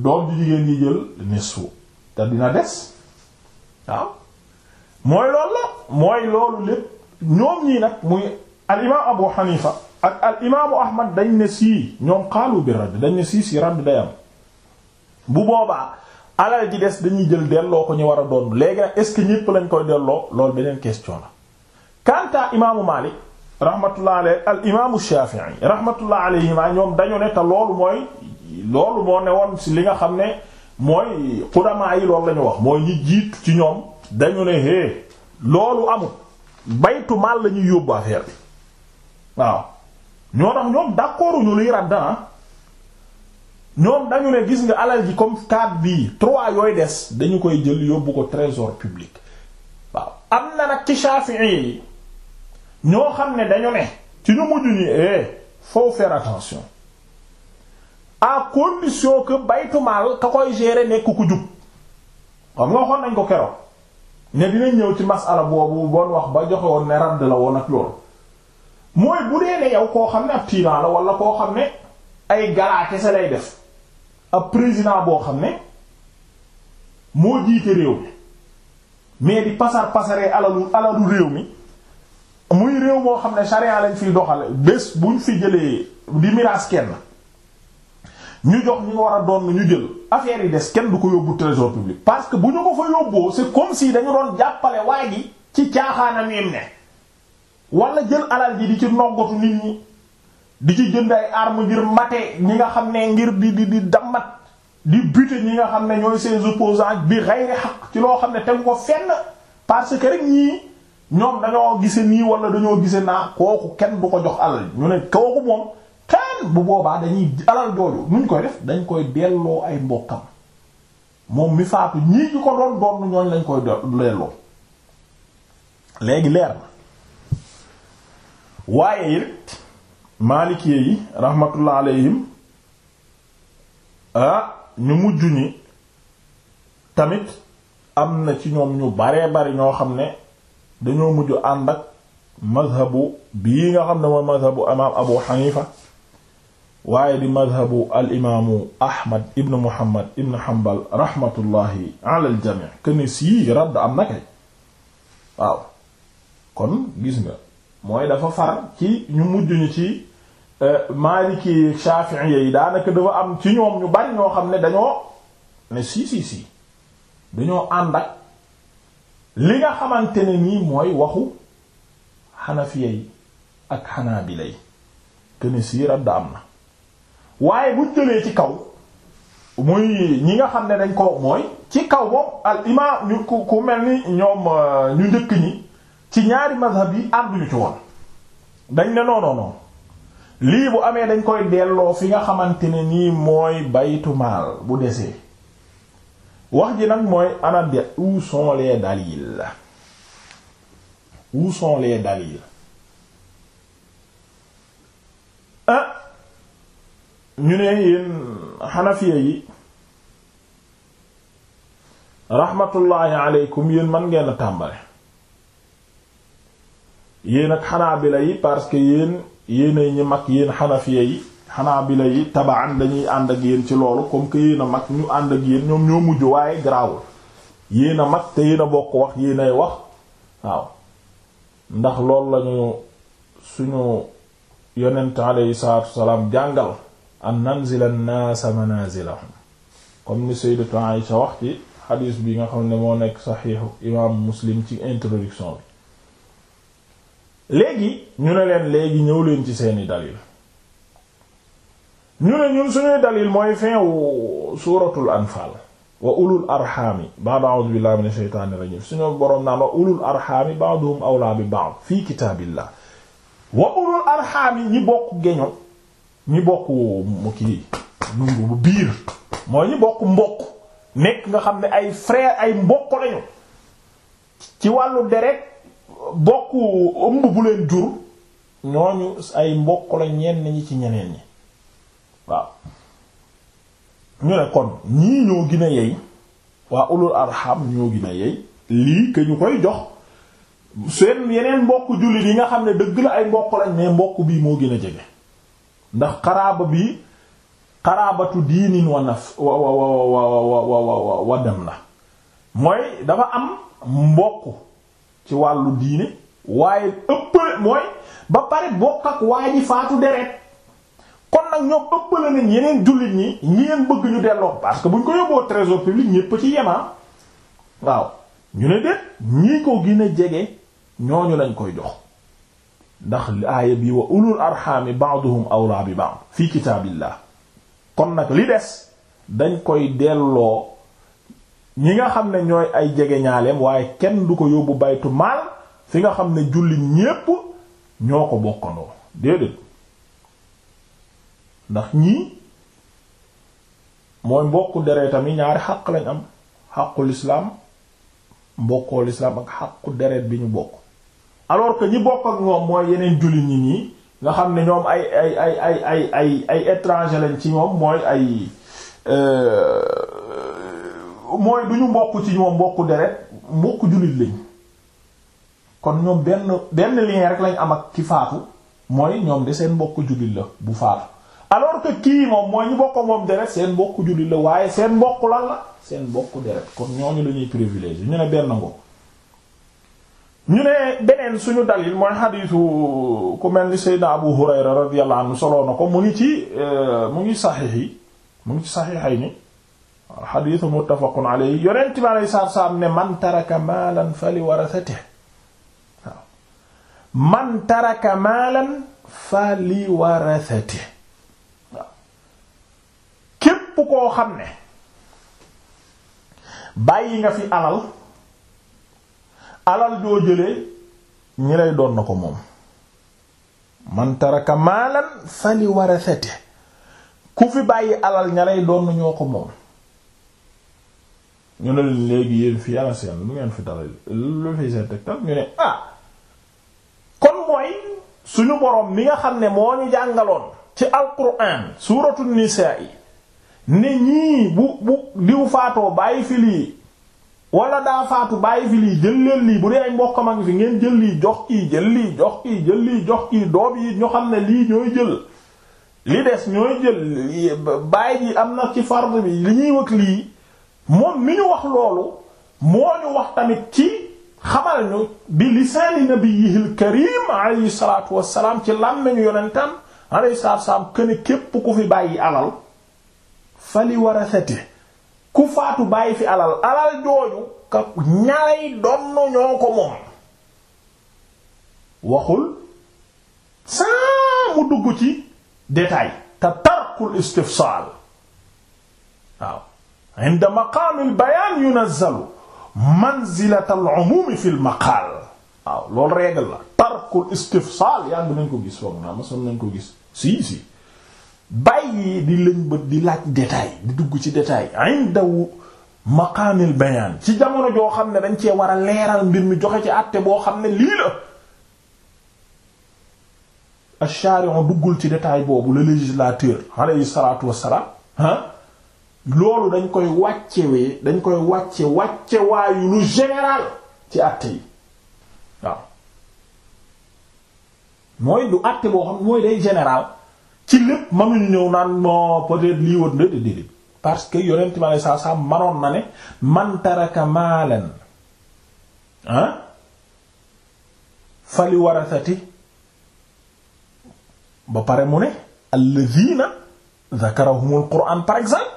doom ji jigéen ji jël nisfu te dina des waaw mooy loolu la mooy loolu lépp ñoom ñii nag muy al imaam Abu Hanifa ak al imaamu Ahmad dañ ne sii ñoom xaalu bi radd dañ ne sii si radd day am bu boobaa alal ji des dañuy jël delloo ko ñu war a doon léegi nag est-ce que ñépp lañ koy delloo lool beneen question la. quant à imaamu Maalik rahmatullah alayhi al imaamu Shaafi'i rahmatullah alayhima ñoom dañu ne te loolu mooy loolu moo ne woon ci li nga xam ne mooy xudama yi loolu la wax mooy ñi jiitu ci ñoom dañu ne hé loolu amul baytu maal la ñuy yóbbu affaire bi waaw ñoo tax ñoom d'accord ñu luy radda ah ñoom dañu ne gis nga alal ji comme quatre bi trois yooyu des dañu koy jël yóbbu ko trésor public waaw am na nag ci Shafi'i yi ñoo xam ne dañu ne ci ñu mujj ñi eh faut faire attention à condition que baytu maal ka koy gere nekk ku jub xam nga waxoon nañ ko keroog ne dinañ ñëw ci masala boobu bon wax ba joxe ne radd la woon ak loolu mooy bu dee ne yow koo xam ne ab tiinaa la wala koo xam ne ay galaate sa lay def ab président boo xam ne moo jiite réew mi mais di pasar pasaree alalu alalu réew mi muy réew moo xam ne charia lañ fiy doxale bés buñ fi jëlee di miraas kenn ñu jox ñu war a doon ñu jël affaire yi des kenn du ko yóbbu trésor public parce que bu ñu ko fa yóbboo c'est comme si dañu doon jàppale waa ji ci caaxaanam yem ne wala jël alal ji di ci noggatu nit ñi di ci jënd ay armes ngir mate ñi nga xam ne ngir di di di dammat di buter ñi nga xam ne ñooy ses opposants bi xayri xaq ci loo xam ne tegu ko fenn parce que rek ñii ñoom dañoo gise nii wala dañoo gise naa kooku kenn du ko jox alal ñu ne kooku moom xeen bu boobaa dañuy alal jooju nuñ koy def dañ koy delloo ay mbokkam moom mi faatu ñii ñu ko doon ñoo ñooñ lañ koy delloo léegi leer na waaye it maalikee yi rahmatullah alayhim ah ñu mujj ñi tamit am na ci ñoom ñu baree bari ñoo xam ne dañoo mujj ànd ak mazhabu bii nga xam ne mooy mazhabu imaam Abu Hanifa waaye di madhabu al imaamu ahmad ibn muhammad ibn hanbal rahmatullahi ala jamii këni sii radd am na kay waaw kon gis nga mooy dafa far ci ñu mujj ñu ci euh, maaliki shafi'i yi daanaka dafa am ci ñoom ñu bari ñoo xam ne dañoo ne si si dañoo ànd li nga xamante ne nii mooy waxu xanafiya ak xanaabila yi këni sii radd am na waaye buñ jëlee ci kaw muy ñi nga xam ne dañ koo mooy ci kaw moom al imaam ñu ku ku mel ni ñoom euh, ñu njëkk ñi ci ñaari mazhab yi ànduñu ci woon dañ ne non lii bu amee dañ koy delloo fi nga xamante ne nii mooy baytu maal bu desee wax ji nag mooy anam bi où sont les dalil où sont ñu ne yéen xanafiya yi raxmatullaahi aleykum yéen man ngeen tàmbale yéen ak xanaabila yi parce que yéen yéenay ñi mag yéen xanafiya yi xanaa xanaabila yi tabaan dañuy ànd ak yéen ci loolu comme que yéen a mag ñu ànd ak yéen ñoom ñoo mujj waaye garaawul yéen a mag te yéen a bokk wax yéenay wax waaw ndax loolu lañu suñu yonent aleyhi salaatu wasalaam jàngal an nanzila nnaasa manaazilahum comme ni sayyidatu Aïsha wax ci xadiis bi nga xam ne moo nekk saxiixu imaam muslim ci introduction bi léegi ñu ne leen léegi ñëw leen ci seeni dalil ñu ne ñun suñuy dalil mooy fin wu suuratul anfaal wa ulul arxaami ba'd a'uuzu billahi minash awlaa bi ba'd fii kitaabillah wa ulul arxaami ñi bokk geño ñi bokk mu kii nungu biir mooy ñi bokk mbokk nekk nga xam ne ay frère ay mbokk lañu ci wàllu deret bokk ëmb bu leen jur ñooñu ay mbokk la ñenn ñi ci ñeneen ñi waaw ñu ne kon ñii ñoo gën a yey waa ulul arham ñoo gën a yey lii que ñu koy jox seen yeneen mbokk jullit yi nga xam ne dëgg la ay mbokk lañ mais mbokk bii moo gën a jege ndax xaraaba bi xaraabatu diinin wa naf wa wa wa wa dem na mooy dafa am mbokk ci wàllu diine waaye ëppale mooy ba pare bokk ak waa ji faatu deret kon nag ñoom ëppale nañ yeneen jullit ñi ñi ngeen bëgg ñu delloo parce que bu ñu ko yóbboo trésor public ñépp ci yemaa ah. waaw ñu ne déet ñii ko gën a jege ñooñu lañ koy jox ndax aaya bi wa ulul arxaami ba'duhum awlaa bi ba'd fi kitaabillah kon nag li des dañ koy delloo ñi nga xam ne ñooy ay jege ñaaleem waaye kenn du ko yóbbu baytu maal fi nga xam ne jullit ñépp ñoo ko bokkandoo déedéet ndax ñii mooy mbokku deretam yi ñaari xaq lañ am xaqul islaam mbokkoo lislaam ak xaqu deret bi ñu bokk alors que ñi bokk ak ñoom mooy yeneen jullit ñi ñii nga xam ne ñoom ay ay ay ay ay ay ay étranger lañ ci moom mooy ay euh, mooy du ñu mbokk ci ñoom mbokk deret mbokk jullit lañ kon ñoom benn benn lien rek lañ am ak ki faatu mooy ñoom de seen mbokk jullit la bu faatu alors que kii moom mooy ñu bokk moom deret seen mbokk jullit la waaye seen mbokk lan la seen mbokk deret kon ñooñu lañuy ñuy privilégié ñu ne benn ngo ñu ne beneen suñu dalil mooy xadiisu ku mel ni Seydina Abu Hurayra radiyallahu anhu soloo na ko mu ngi ci euh, mu ngi saxiix yi mu ngi ci saxiixay ni xadiisu muttafaqun alayhi yonent bi alayhi salaatu salaam ne man taraka maalan fali warasatihi waaw képp koo xam ne bàyyi nga fi alal alal joo jëlee ñi lay doon na ko moom man taraka maalan fali warasate ku fi bàyyi alal ña lay doon ñoo ko moom ñu ne léegi yéen fii ana ngeen fi dara lu fi seen ah, kon mooy suñu boroom mi nga xam ne moo ñu jàngaloon ci alquran suuratu nisaa yi ne ñii bu diw faatoo bàyyi fi lii wala daa faatu bàyyi fi lii jël leen lii bu dee ay mbokkam ak fi ngeen jël lii jox kii jël lii jox kii jël lii jox kii doom yi ñoo xam ne lii ñooy jël li des ñooy jël bàyyi ji am na ci fard bi li ñuy wax lii moom mi ñu wax loolu moo ñu wax tamit ci xamal ñu bi lisaani nabiyihil karim alayhi salaatu wassalaam ci làmmiñu yonentam alayhi salaatu wassalaam këne képp ku fi bàyyi alal wara warasate ku faatu fi alal alal jooju ka ñaay donn ñoo ko moom waxul saa dugg ci détail te tarkul istifsaal waaw inda maqaam al bayaan yunazzalu manzilat al umum fi al maqaal waaw loolu règle la tarkul istifsaal yàgg nañ ko gis foog naa ma nañ ko gis si si bàyyi di lëñbët di laaj détail di dugg ci détail indawu maqaamil bayaan ci jamono joo xam ne dañ cee war a leeral mbir mi joxe ci àtte boo xam ne lii la ash-shari'u duggul ci détail boobu le législateur alayhi salatu wassalam loolu dañ koy wàccewee dañ koy wàcce wàcce waayu lu général ci àtte yi waaw mooy du àtte boo xam mooy day général ci lépp mënuñu ñëw naan moo peut-être lii wër na déedéet parce que yonent ma lay saa saa manoon na ne man taraka maalan ah fali warasati ba pare mu ne alladhina zakarahumul quran par exemple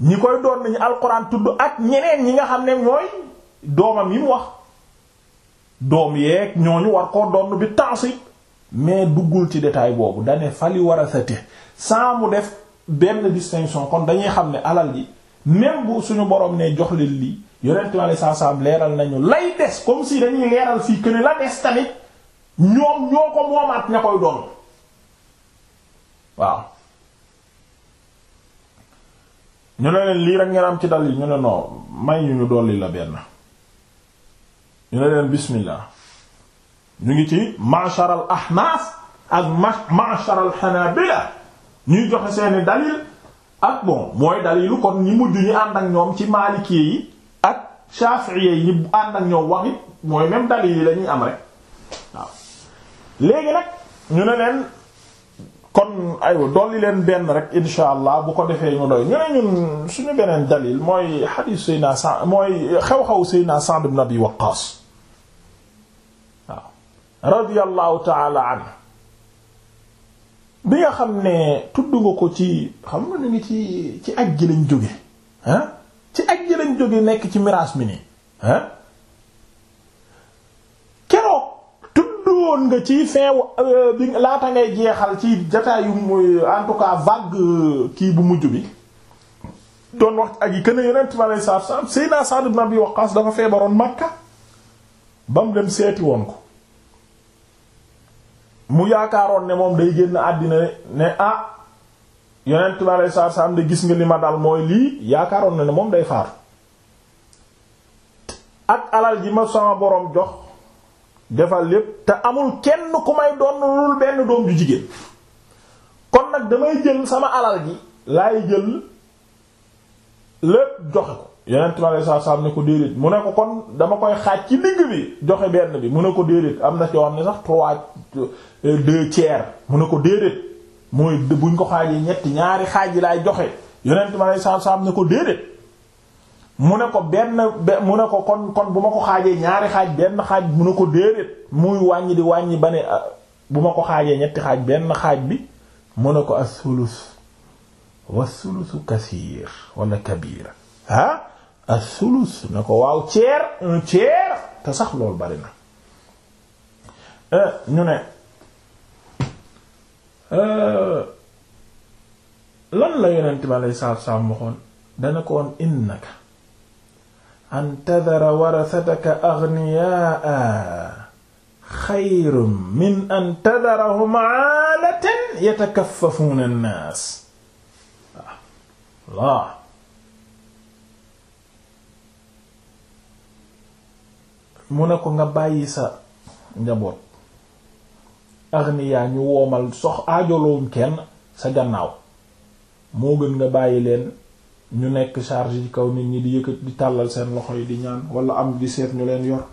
ñi koy doon nañu alquran tudd ak ñeneen ñi nga xam ne ñooy doomam yi mu wax doom yeeg ñooñu war koo doon bi tansib mais duggul ci détail boobu dane fali war a sate sans mu def benn distinction kon dañuy xam ne alal yi même suñu borom ne jox li li yonent mi alei sat salaam leeral nañu lay des comme si dañuy leeral fii que ne la des tamit ñoom ñoo ko moomaat ña koy doon waaw ñu ne leen lii rek ngeen am ci dal yi ñu ne non may ñu ñu dolli la benn ñu ne leen bismillah ñu ngi ci ma'shar al ahnaaf ak ma'shar al hanabila ñuy joxe seeni dalil ak bon mooy dalilu kon ñi mujj ñi ànd ak ñoom ci maalikee yi ak shafi'iyye yi ñi ànd ak ñoom wax mooy même dalil yi la ñuy am rek ñu ne leen kon aywa dool leen benn rek insha allah bu ko defee ñu doy ñu ne ñun suñu beneen dalil mooy hadith sayna sa mooy xew-xew sayna Sa'd ibn Abi radiyallahu taala an bi nga xam ne tudd nga ko ci xam nga ñu ngi ci ci ak ji lañ jóge ah ci ak ji lañ jóge nekk ci miraas mi nii ah keroog tuddoon nga ci fin euh, bi laata ngay jeexal ci jataayu muy en tout cas vague euh, kii bu mujj bi doon wax ak yi kën a yonent bi alei saatu salam Seydina Sa'd ibn Abi Waqqas dafa feebaroon Makka bam mu dem seeti woon ko mu yaakaaroon ne moom day génn àddina ne ah yonent bi aleyhi salaatu salaam de gis nga li ma dal mooy lii yaakaaroon na ne moom day faatu ak alal ji ma sama boroom jox defal lépp te amul kenn ku may doon lul benn doom ju jigéen kon nag damay jël sama alal ji laay jël lépp joxe ko yonent ma lay saa saam ne ko déedéet mu ne ko kon dama koy xaaj ci digg bi joxe benn bi mu ne ko déedéet am na ci yoo xam ne sax trois euh, deux tiers mu ne ko déedéet mooy ko xaajee ñetti ñaari xaaj yi laay joxe yonent saam ne ko déedéet mu ne ko benn mu ne ko kon kon bu ma ko xaajee ñaari xaaj benn xaaj mu ne ko déedéet muy wàññi di wàññi ba ne ah, bu ma ko xaajee ñetti xaaj benn xaaj bi mu ne ko ak sulus wa as-sulusu kasiir wala kabiir ah as-sulus na ko waaw tiers un tiers te sax na euh, ñu ne euh, lan la yonent dana ko woon innaka an tadara warasataka min an tadarahum aalatan yatakaffafuuna an-naas mu ne ko nga bàyyi sa njaboot agniya ñu woomal sox aajoloom kenn sa gannaaw moo gën nga bàyyi leen ñu nekk charge ci kaw nit ñi di yëkkat di tàllal seen loxo yi di ñaan walla am di seet ñu leen yor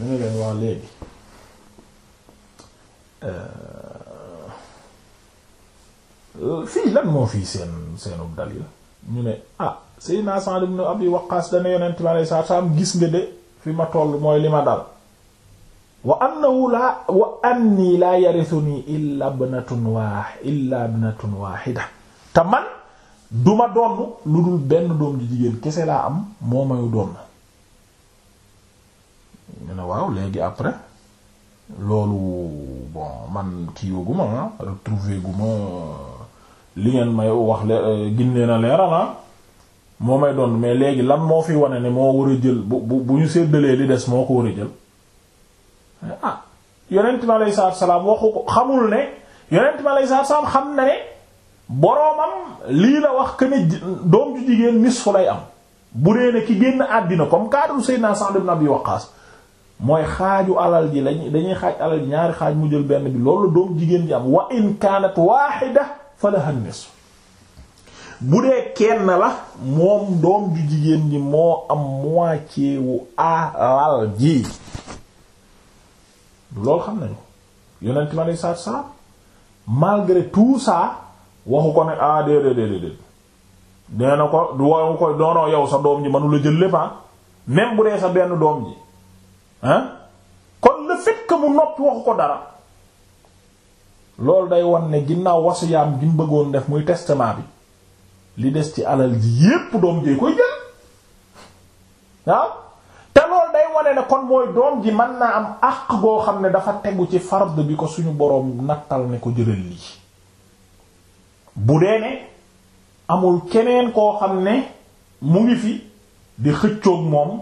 ñu ne leen wax léegi euh, fii lan moo fii seen seenu dalil ñu ne ah Seydina Sa'd ibn Abi Waqqas dana yonent bi alayhi salaatu salaam gis nga de fi ma toll mooy li ma dal wa annahu laa wa anni laa yarithuni illa ibnatun waahida illa ibnatun waahida te duma donn lu dul benn doom jigéen kese laa am moo mayu donn ñu ne waaw léegi après loolu bon man kii waguma retrouvé guma li ngeen may wax le euh, ginnee na leerala ah. moo may doon mais léegi lan moo fi wane ne moo war a jël bu bu ñu seddalee li des moo ko war a jël ah yonent bi aleyhi salaam waxu ko xamul ne yonent bi aleyhi salaam xam na ne boroomam lii la wax que ne doom ju jigéen nisfu lay am bu dee ne ki génn àddina comme cadre Seydina Sa'd ibn Abi Waqqas mooy xaaju alal ji lañ dañuy xaaj alal ji ñaari xaaj mu jël benn bi loolu doom jigéen ji am wa in kaanat waahida falaha nisf bu dee kenn la moom doom ju jigéen ji moo am moitié wu alal ji loolu xam nañu yonent ma lay saat saat malgré tout ça waxu ko ne ah déedéet déedéet nee na ko waxu ko doonoo yow sa doom ji mënula jël lépp ah. même bu dee sa benn doom ji ah kon le fait que mu noppi waxu ko dara loolu day wan ne ginnaaw wasiyaam gi mu bëggoon def muy testament bi li des ci alal ji yépp doom jee koy jël waaw te loolu day wane ne kon mooy doom ji mën naa am àq goo xam ne dafa tegu ci fard bi ko suñu boroom nattal ne ko jëlal lii bu dee ne amul keneen koo xam ne mu ngi fi di xëccoog moom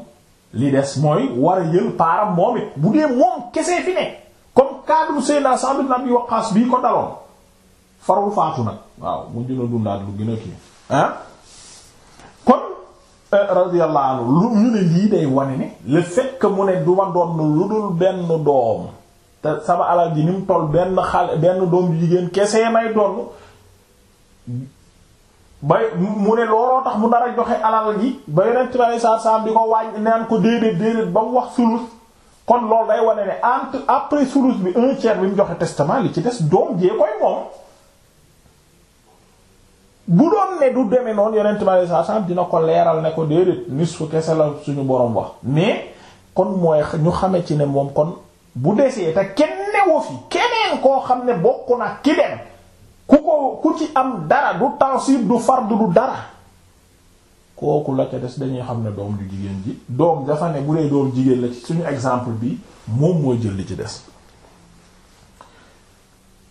li des mooy war a jël paaram moom it bu dee moom kese fi ne comme cadre Seydina Sa'd ibn Abi Waqqas bii ko daloon farul faatu nag waaw mu na dundaat lu gën a kii ah kon eh, radiyallahu lu ñu ne lii day wane ne le fait mu ne du ma lu dul benn doom te sama alal ji ni mu toll benn xale benn doom jigéen kese may doon bay mu ne looloo tax mu dara joxe alal ji ba yonent bi sallallahu alayhi wasallam di ko wàññi naan ko déedéet déedéet ba mu wax sulus kon loolu day wane ne entre après sulus bi un tiers bi mu joxe testament li ci des doom jee koy moom bu doon ne du demee noonu yonent bi saa saa dina ko leeral ne ko déedéet nisfu kese la suñu borom wax mais kon mooy ñu xame ci ne moom kon bu desee te kenn newu fi keneen koo xam ne bokk na ki dem ku ko ku ci am dara du tansib du fard du dara kooku la ca des dañuy xam ne doom lu jigéen ji doom dafa ne bu dee doom jigéen la ci suñu exemple bi moom moo jël li ci des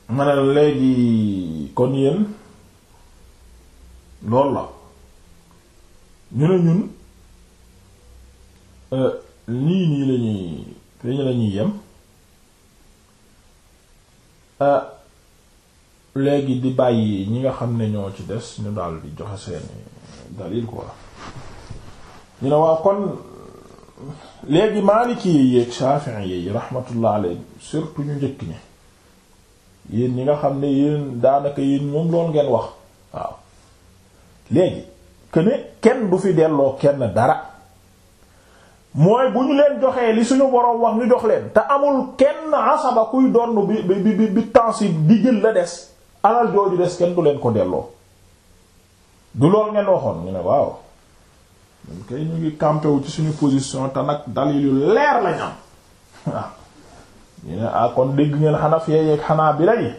ma ne léegi kon yéen loolu la ñu ne ñun euh, lii nii lañuy feeñ lañuy yem euh, léegi di bàyyi ñi nga xam ne ñoo ci des ñu daal di joxe seeni dalil quoi ñu ne waaw kon léegi Maliki yi yeeg Shafi'i yi rahmatullah alayhi surtout ñu njëkk ñi yéen ñi nga xam ne yéen daanaka yéen moom loolu ngeen wax waaw léegi que ne kenn du fi delloo kenn dara mooy bu ñu leen joxee li suñu boroom wax ñu jox leen te amul kenn asaba kuy donn bi bi bi bi bi temps bi la des alal jooju des kenn du leen ko delloo. du lool ngeen waxoon ñu ne waaw ñun kay ñu ngi campé wu ci suñu position te nag dalil yu leer lañ am ñu ne ah kon dégg ngeen Hanafi yeek Hanabila yi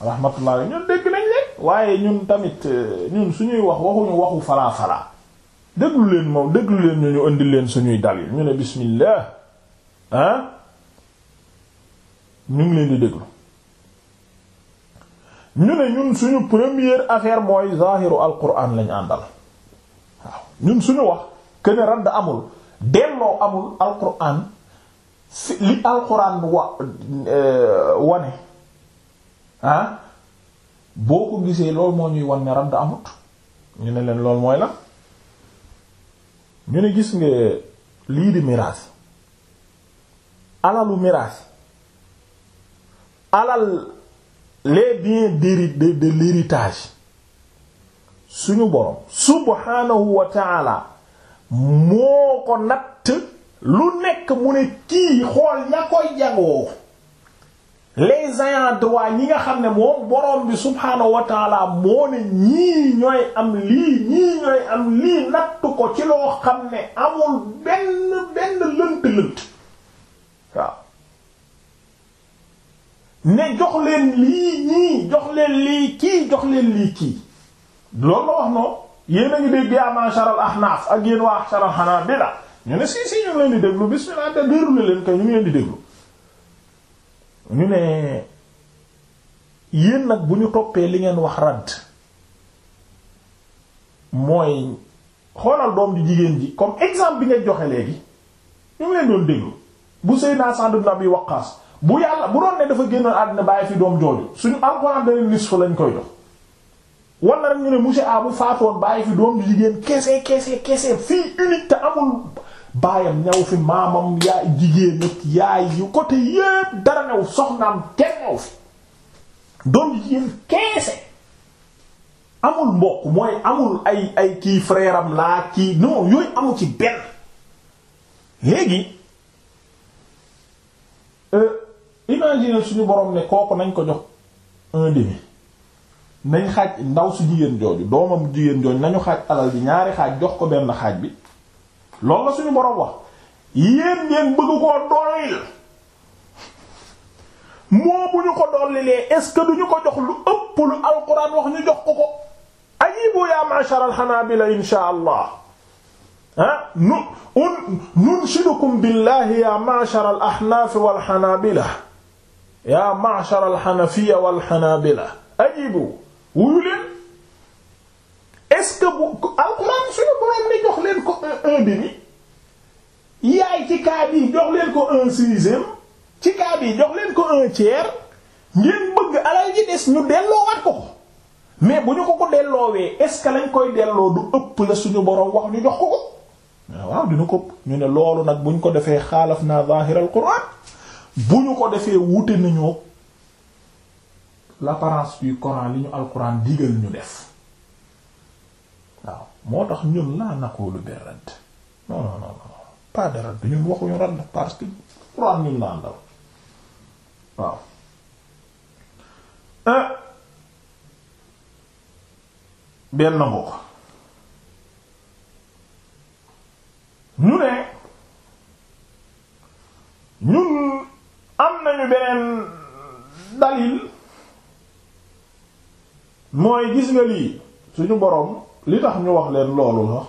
rahmatullah ñun dégg nañ leen waaye ñun tamit eh, ñun suñuy wax waxuñu waxu falaa falaa déglu leen moom déglu leen ñu ñu indi leen suñuy dalil ñu ne bismillah ah ñu ngi leen di déglu ñu ne ñun suñu première affaire mooy zahiru alquran lañu àndal waaw ñun suñu wax que radd amul delloo amul alquran si li alquran wa euh, wane ah? boo ko gisee loolu moo ñuy wan ne radd amut ñu ne leen loolu mooy la ñu ne gis nga lii di miraas alalu miraas alal. les biens de de l'héritage suñu borom subhaanahu wa taala moo ko natt lu nekk mu ne kii xool ña koy jagoo les ayants droit ñi nga xam ne moom borom bi subhaanahu wa taala moo ne ñii ñooy am lii ñii ñooy am lii natt ko ci loo xam ne amul benn benn lënt-lënt waaw ne jox leen lii ñii jox leen lii kii jox leen lii kii loolu la wax noonu yéen ngi dégg yaa ma'shar al-ahnaaf ak yéen waa ma'shar al-hanaabila ñu ne si si ñu ngi leen di déglu bismillah te déroulé leen kay ñu ngi leen di déglu ñu ne yéen nag bu ñu toppee li ngeen wax radd mooy xoolal doom bi jigéen ji comme exemple bi ngeen joxe léegi ñu ngi leen doon déglu bu Seydina Sa'd ibn Abi Waqqaas bu yàlla bu doon ne dafa génnoon àddina bàyyi fi doom jooju suñu alxuraan dañu nisf lañ koy jox wala rek ñu ne monsieur A bu faatoon bàyyi fi doom jigéen kese kese kese fii unique te amul baayam ñaw fi maamam yaay jigéen yaay yu côté yépp dara ñaw soxnaam kenn ñaw fi doom ju jigéen kese amul mbokk mooy amul ay ay kii frère am laa kii non yooyu amul ci benn léegi. Euh, imagine suñu borom ne kooku nañ ko jox un demi nañ xaaj ndaw su jigéen jooju doomam jigéen jooju nañu xaaj alal bi ñaari xaaj jox ko benn xaaj bi loolu la suñu borom wax yéen ngeen bëgg koo dollil moo bu ñu ko dollilee est-ce que duñu ko jox lu ëpp lu alquran wax ñu jox ko ko ajibu ya ma'shar al-hanabila insha allah ah, nu un nunshidukum billahi ya ma'shar al-ahnaf wal-hanabila yaa ma'shar al-hanafiya wal-hanabila ajibu wuyu leen est-ce que bu alxuraan suñu boroom ne jox leen ko bi demi yaay ci cas bi jox leen ko un sixième ci cas bi jox leen ko un tiers ngeen bëgg alal ji des ñu delloowaat ko ko mais bu ñu ko ko delloowee est-ce que lañ koy delloo du ëpp la suñu boroom wax ñu jox ko ko ah, waaw dina ko ñu ne loolu nag buñ ko defee xaalaf naa al-qur'aan bu ñu ko defee wute nañoo l'apparence du Coran li ñu alquran digal ñu def waaw moo tax ñun laa naqulu bi radd non non non pas de radd ñun waxuñu radd parce que Coran ñun laa ndaw waaw euh, benn ngoo ñu ne ñun am nañu beneen dalil mooy gis nga lii suñu boroom li tax ñu wax leen loolu la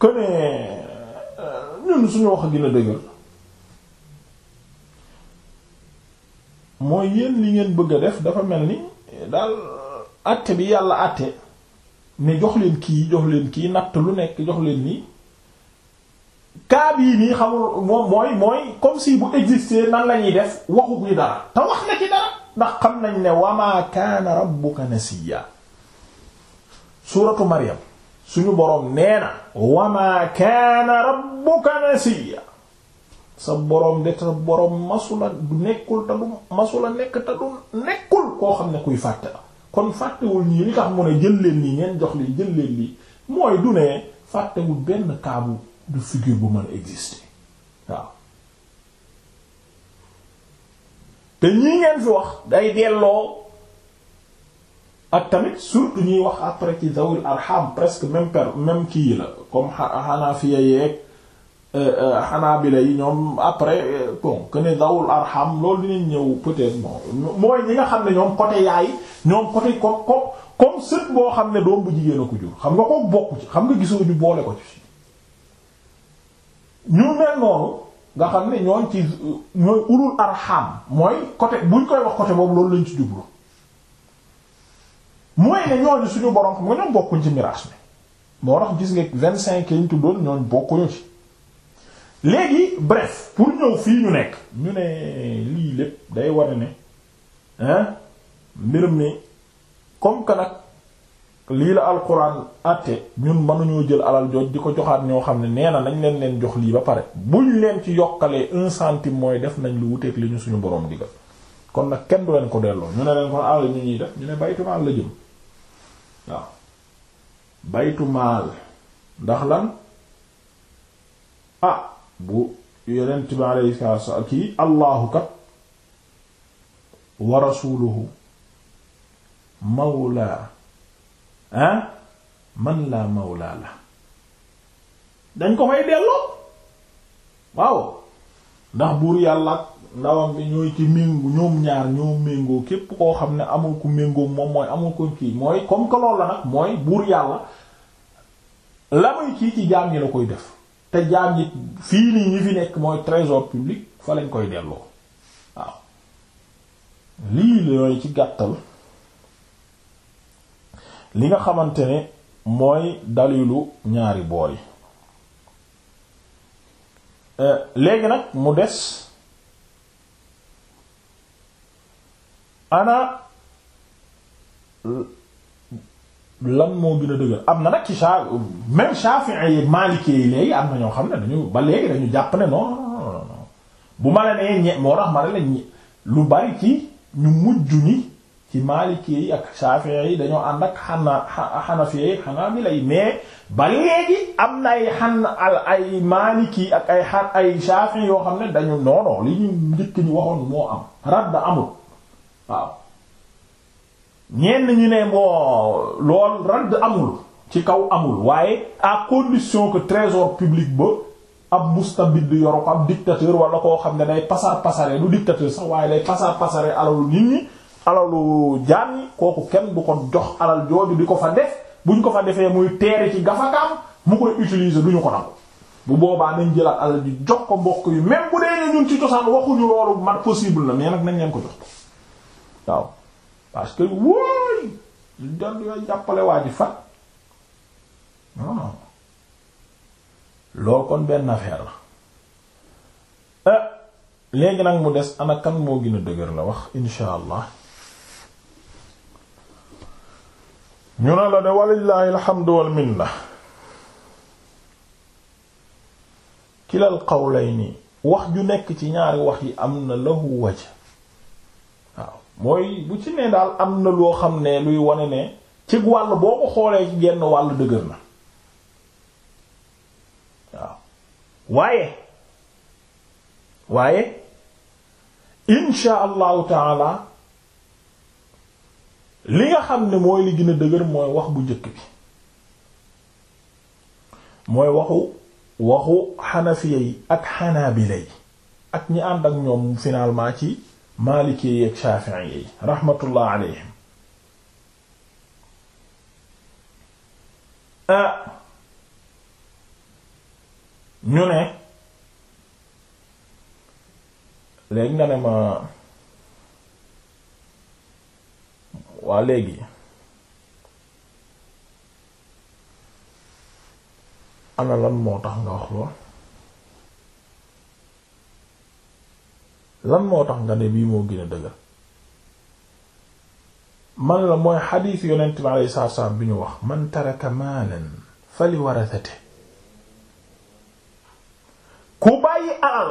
que ne euh, ñun suñu wax dina dëggal mooy yéen li ngeen bëgg a def dafa mel ni daal àtte euh, bi yàlla àtte ne jox leen kii jox leen kii natt lu nekk jox leen nii cas bii nii xamul moom mooy mooy comme si bu exister nan la ñuy def waxu ñu dara te wax na ci dara ndax xam nañ ne wama kaana rabbuka nasiya suratu Maryam boroom nee na wama kaana rabbuka sa boroom de sa boroom masula nekkul te du masula nekk te du nekkul koo xam ne kuy fàtte la kon fàttewul ñii li tax mu ne jël leen lii ngeen jox lii jël leen lii mooy du ne fàttewul benn kaabu du figure bu mën exister waaw te ñii ngeen fi wax day delloo ak tamit surtout ñuy wax après ci zawil arham presque même per même kii la comme hanafiya yeeg euh, euh, hanabila yi ñoom après euh, bon que ne zawul arham loolu dinañ ñëw peut-être moom mooy ñi nga xam ne ñoom côté yaay ñoom côté ko ko comme sët boo xam ne doom bu jigéen a ko jur xam nga ko bokk ci xam nga gisoo ñu boole ko ci ñu mel noonu nga xam ne ñooñ ci ñooy ulul arham mooy côté buñ koy wax côté boobu loolu lañ ci jublu mooy ne ñooñu suñu borom xam nga ñoom bokkuñ ci miraas mi moo tax gis nga vingt cinq yi ñu tuddoon ñooñ bokkuñu ci léegi bref pour ñëw fii ñu nekk ñu ne lii lépp day wane ne hein mbirum ni comme que nag lii la alquran àtte ñun mënuñoo jël alal jooj di ko joxaat ñoo xam ne nee na nañ leen leen jox lii ba pare buñ leen ci yokkalee un mooy def nañ lu wuteeg li ñu suñu borom digal kon nag kenn du leen ko delloo ñu ne leen kon alal ñu ndax lan ah, bu yonent bi alayhi salaatu wa salaam kii allahu kat wa mawla ah man laa mawlaa la dañ ko fay delloo waaw ndax buur yàlla ak ndawam bi ñooy ci méngu ñoom ñaar ñoo méngoo képp koo xam ne amul ku méngoo moom mooy amul ko kii mooy comme que la nag mooy buur yàlla la muy kii ci jaam yi la koy def te jaam yi fii nii ñi fi nekk mooy trésor public fa lañ koy delloo waaw lii looy ci gàttal li nga xamante ne mooy dalilu ñaari boor yi eh, léegi nag mu des ana lan moo gën a dëgër am na nag ci saa même Shafi'i yi Maliki yi léegi am na ñoo xam ne dañu ba léegi dañu jàpp ne non non non bu ma la nee ñe moo tax ma ne la lu bari ci ñu mujj ñi ci Maliki yi ak Shafi'i yi dañoo ànd ak xana Hanafi yi Hanabila yi mais ba léegi am na ay xan ay Maliki ak ay xan ay Shafi'i yoo xam ne dañu non li ñu njëkk ñu waxoon moo am radd amul waaw ñenn ñu ne moo loolu radd amul ci kaw amul waaye à condition que trésor public ba ab mustabid yoro ko ab dictateur wala koo xam ne day pasar pasare du dictateur sax waaye day pasar pasare alalu nit ñi alalu jaam yi kooku kenn du ko jox alal jooju di ko fa def buñ ko fa defee muy teere ci gafakaam mu koy utiliser duñu ko nangu bu boobaa nañ jëlaat alal jox ko mbokk yi même bu dee ñun ci cosaan waxuñu loolu man possible na mais nag nañ leen ko jox ko waaw parce que wóoy jan yooyu jàppale waa ji fat non non loolu kon benn affaire la eh, léegi nag mu des ana kan moo gën a dëgër la wax insha allah ñu ne la de walillahi alhamdu wal minna kilal qawlayni wax ju nekk ci ñaari wax yi am na lahu waj waaw mooy bu ci ne daal am na loo xam ne luy wane ne ci wàll boo ko xoolee ci genn wàll dëgër na waaw waaye waaye insha allahu taala li nga xam ne mooy li gën a dëgër mooy wax bu njëkk bi mooy waxu waxu xanafiya yi ak xanaabila yi ak ñi ànd ak ñoom finalement ci maaliki yi ak shaafi'i yi raxmatullah alayhim ah, ñu ne léegi nga ne ma waa léegi am na lan moo tax nga wax lool lan moo tax nga ne bii moo gën a dëgër man la mooy xadiis yonent bi alayhi salaatu salaam bi ñu wax man taraka maalan fali warasate ku bàyyi alal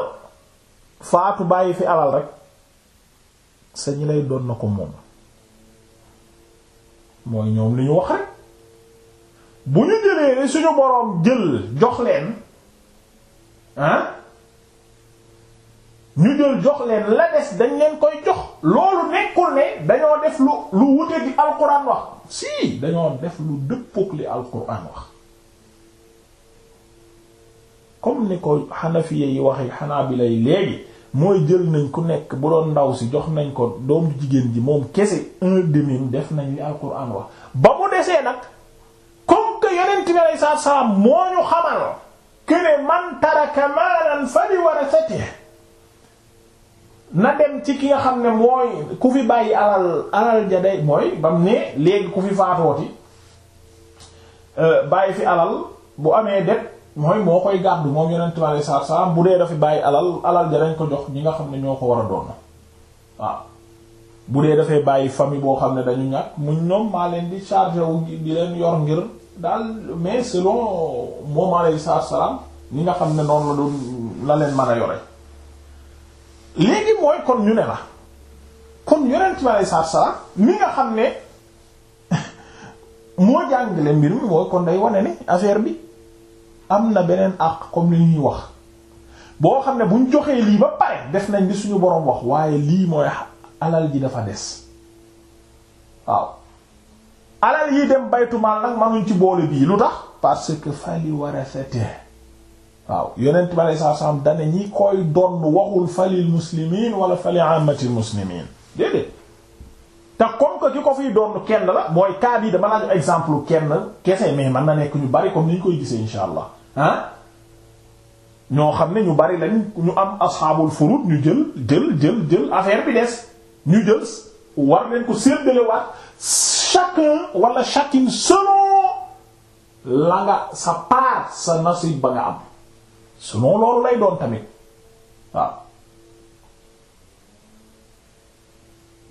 faatu bàyyi fi alal rek sa ñi lay doon na ko moom mooy ñoom li ñu wax rek bu ñu jëlee suñu boroom jël jox leen ah ñu jël jox leen la des dañ leen koy jox loolu nekkul ne dañoo def lu lu wute di alquran wax si dañoo def lu dëppook li alquran wax comme ni ko xanafiya yi waxi bi lay léegi mooy jël nañ ku nekk bu doon ndaw si jox nañ ko doom jigéen ji moom kese un demi def nañ li alquran wax ba mu desee nag comme que yonent bi alayhi salaatu salaam moo ñu xamal que ne man taraka maalan fa li warasatihi na dem ci ki nga xam ne mooy ku fi bàyyi alal alal ja day mooy bam ne léegi ku fi faatooti euh, bàyyi fi alal bu amee det mooy moo koy gàddu moom yonent bi alayhi salaatu salaam bu dee dafa bàyyi alal alal ja dañ ko jox ñi nga xam ne ñoo ko war a doon waaw bu dee dafay bàyyi famille boo xam ne dañu ñàkk mu ñoom maa leen di chargé wu di leen yor ngir daal mais selon moom alayhi salaatu salaam ñi nga xam ne noonu la doon mën a yore kon ne la kon yonent bi alayhi salaatu salaam moo jàngale mbir mi mooy kon day wane ne affaire bi. am na beneen àq comme li ñuy wax boo xam ne buñ joxee lii ba pare def nañ li suñu boroom wax waaye lii mooy alal ji dafa des waaw alal yi dem baytumaal nag manuñ ci boolu bii lu tax parce que fali warasate waaw yonent bi alei satu salaam dane ñi koy donn waxul falil muslimin wala fali amatil muslimin déedéet te comme que ki ko fiy donn kenn la mooy cas bi dama la jox exemple kenn kese mais mën na nekk ñu bari comme ni ñu koy gisee insha allah ah ñoo xam ne ñu bari lañ ñu am asxaabul furud ñu jël jël jël jël affaire bi des ñu jël war leen ko séddalewaat chacun wala chacune selon la nga sa part sa nasib ba nga am selon loolu lay doon tamit waaw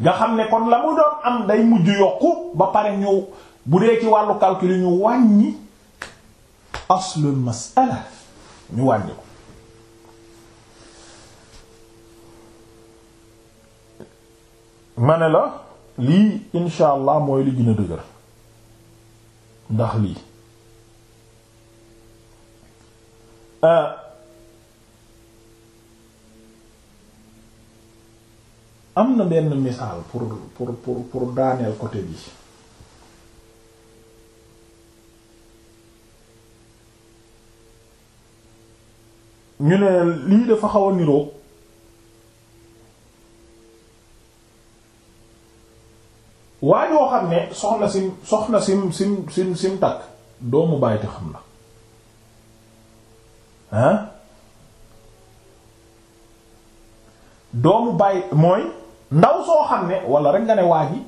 nga xam ne kon la mu doon am day mujj yokku ba pare ñu bu dee ci wàllu calcul ñu wàññi aslul masala ñu wàññi ma ne la lii insha allah mooy li gën a dëgër ndax lii euh, am na benn misaal pour pour pour pour daaneel côté bi ñu ne lii dafa xaw a niroog waa yoo xam ne soxna sim soxna sim sim sim sim takk doomu bàyyi te xam na ah doomu bàyyi mooy ndaw soo xam ne wala rek nga ne waa ji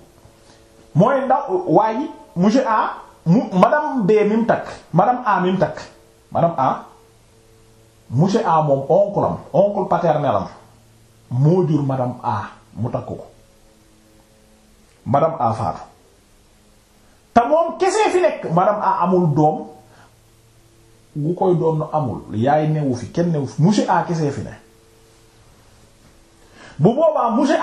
mooy ndaw waa ji monsieur A mu madame B mi mu takk madame A mi mu takk madame A monsieur A moom oncle am oncle paternel am moo jur madame A mu takk ko madame A faatu te moom kese fi nekk madame A amul doom wu koy doom nu amul yaay newu fi kenn newu fi monsieur A fi ne bu boobaa monsieur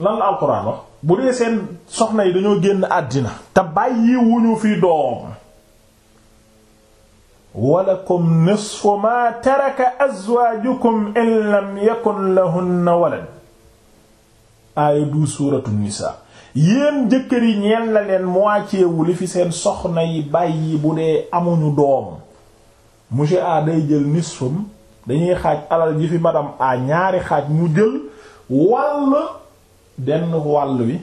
lan la alxuraan wax bu dee seen soxna yi dañoo génn àddina te bàyyiwuñu fi doom walakum nisfu maa taraka azwaajukum in lam yakun lahunna walad aaya du suuratu nisaa yéen jëkkër yi ñeen la leen moitié li fi seen soxna yi bàyyi bu dee amuñu doom monsieur a day jël nisfam dañuy xaaj alal yi fi madame a ñaari xaaj mu jël wàll benn wàll wi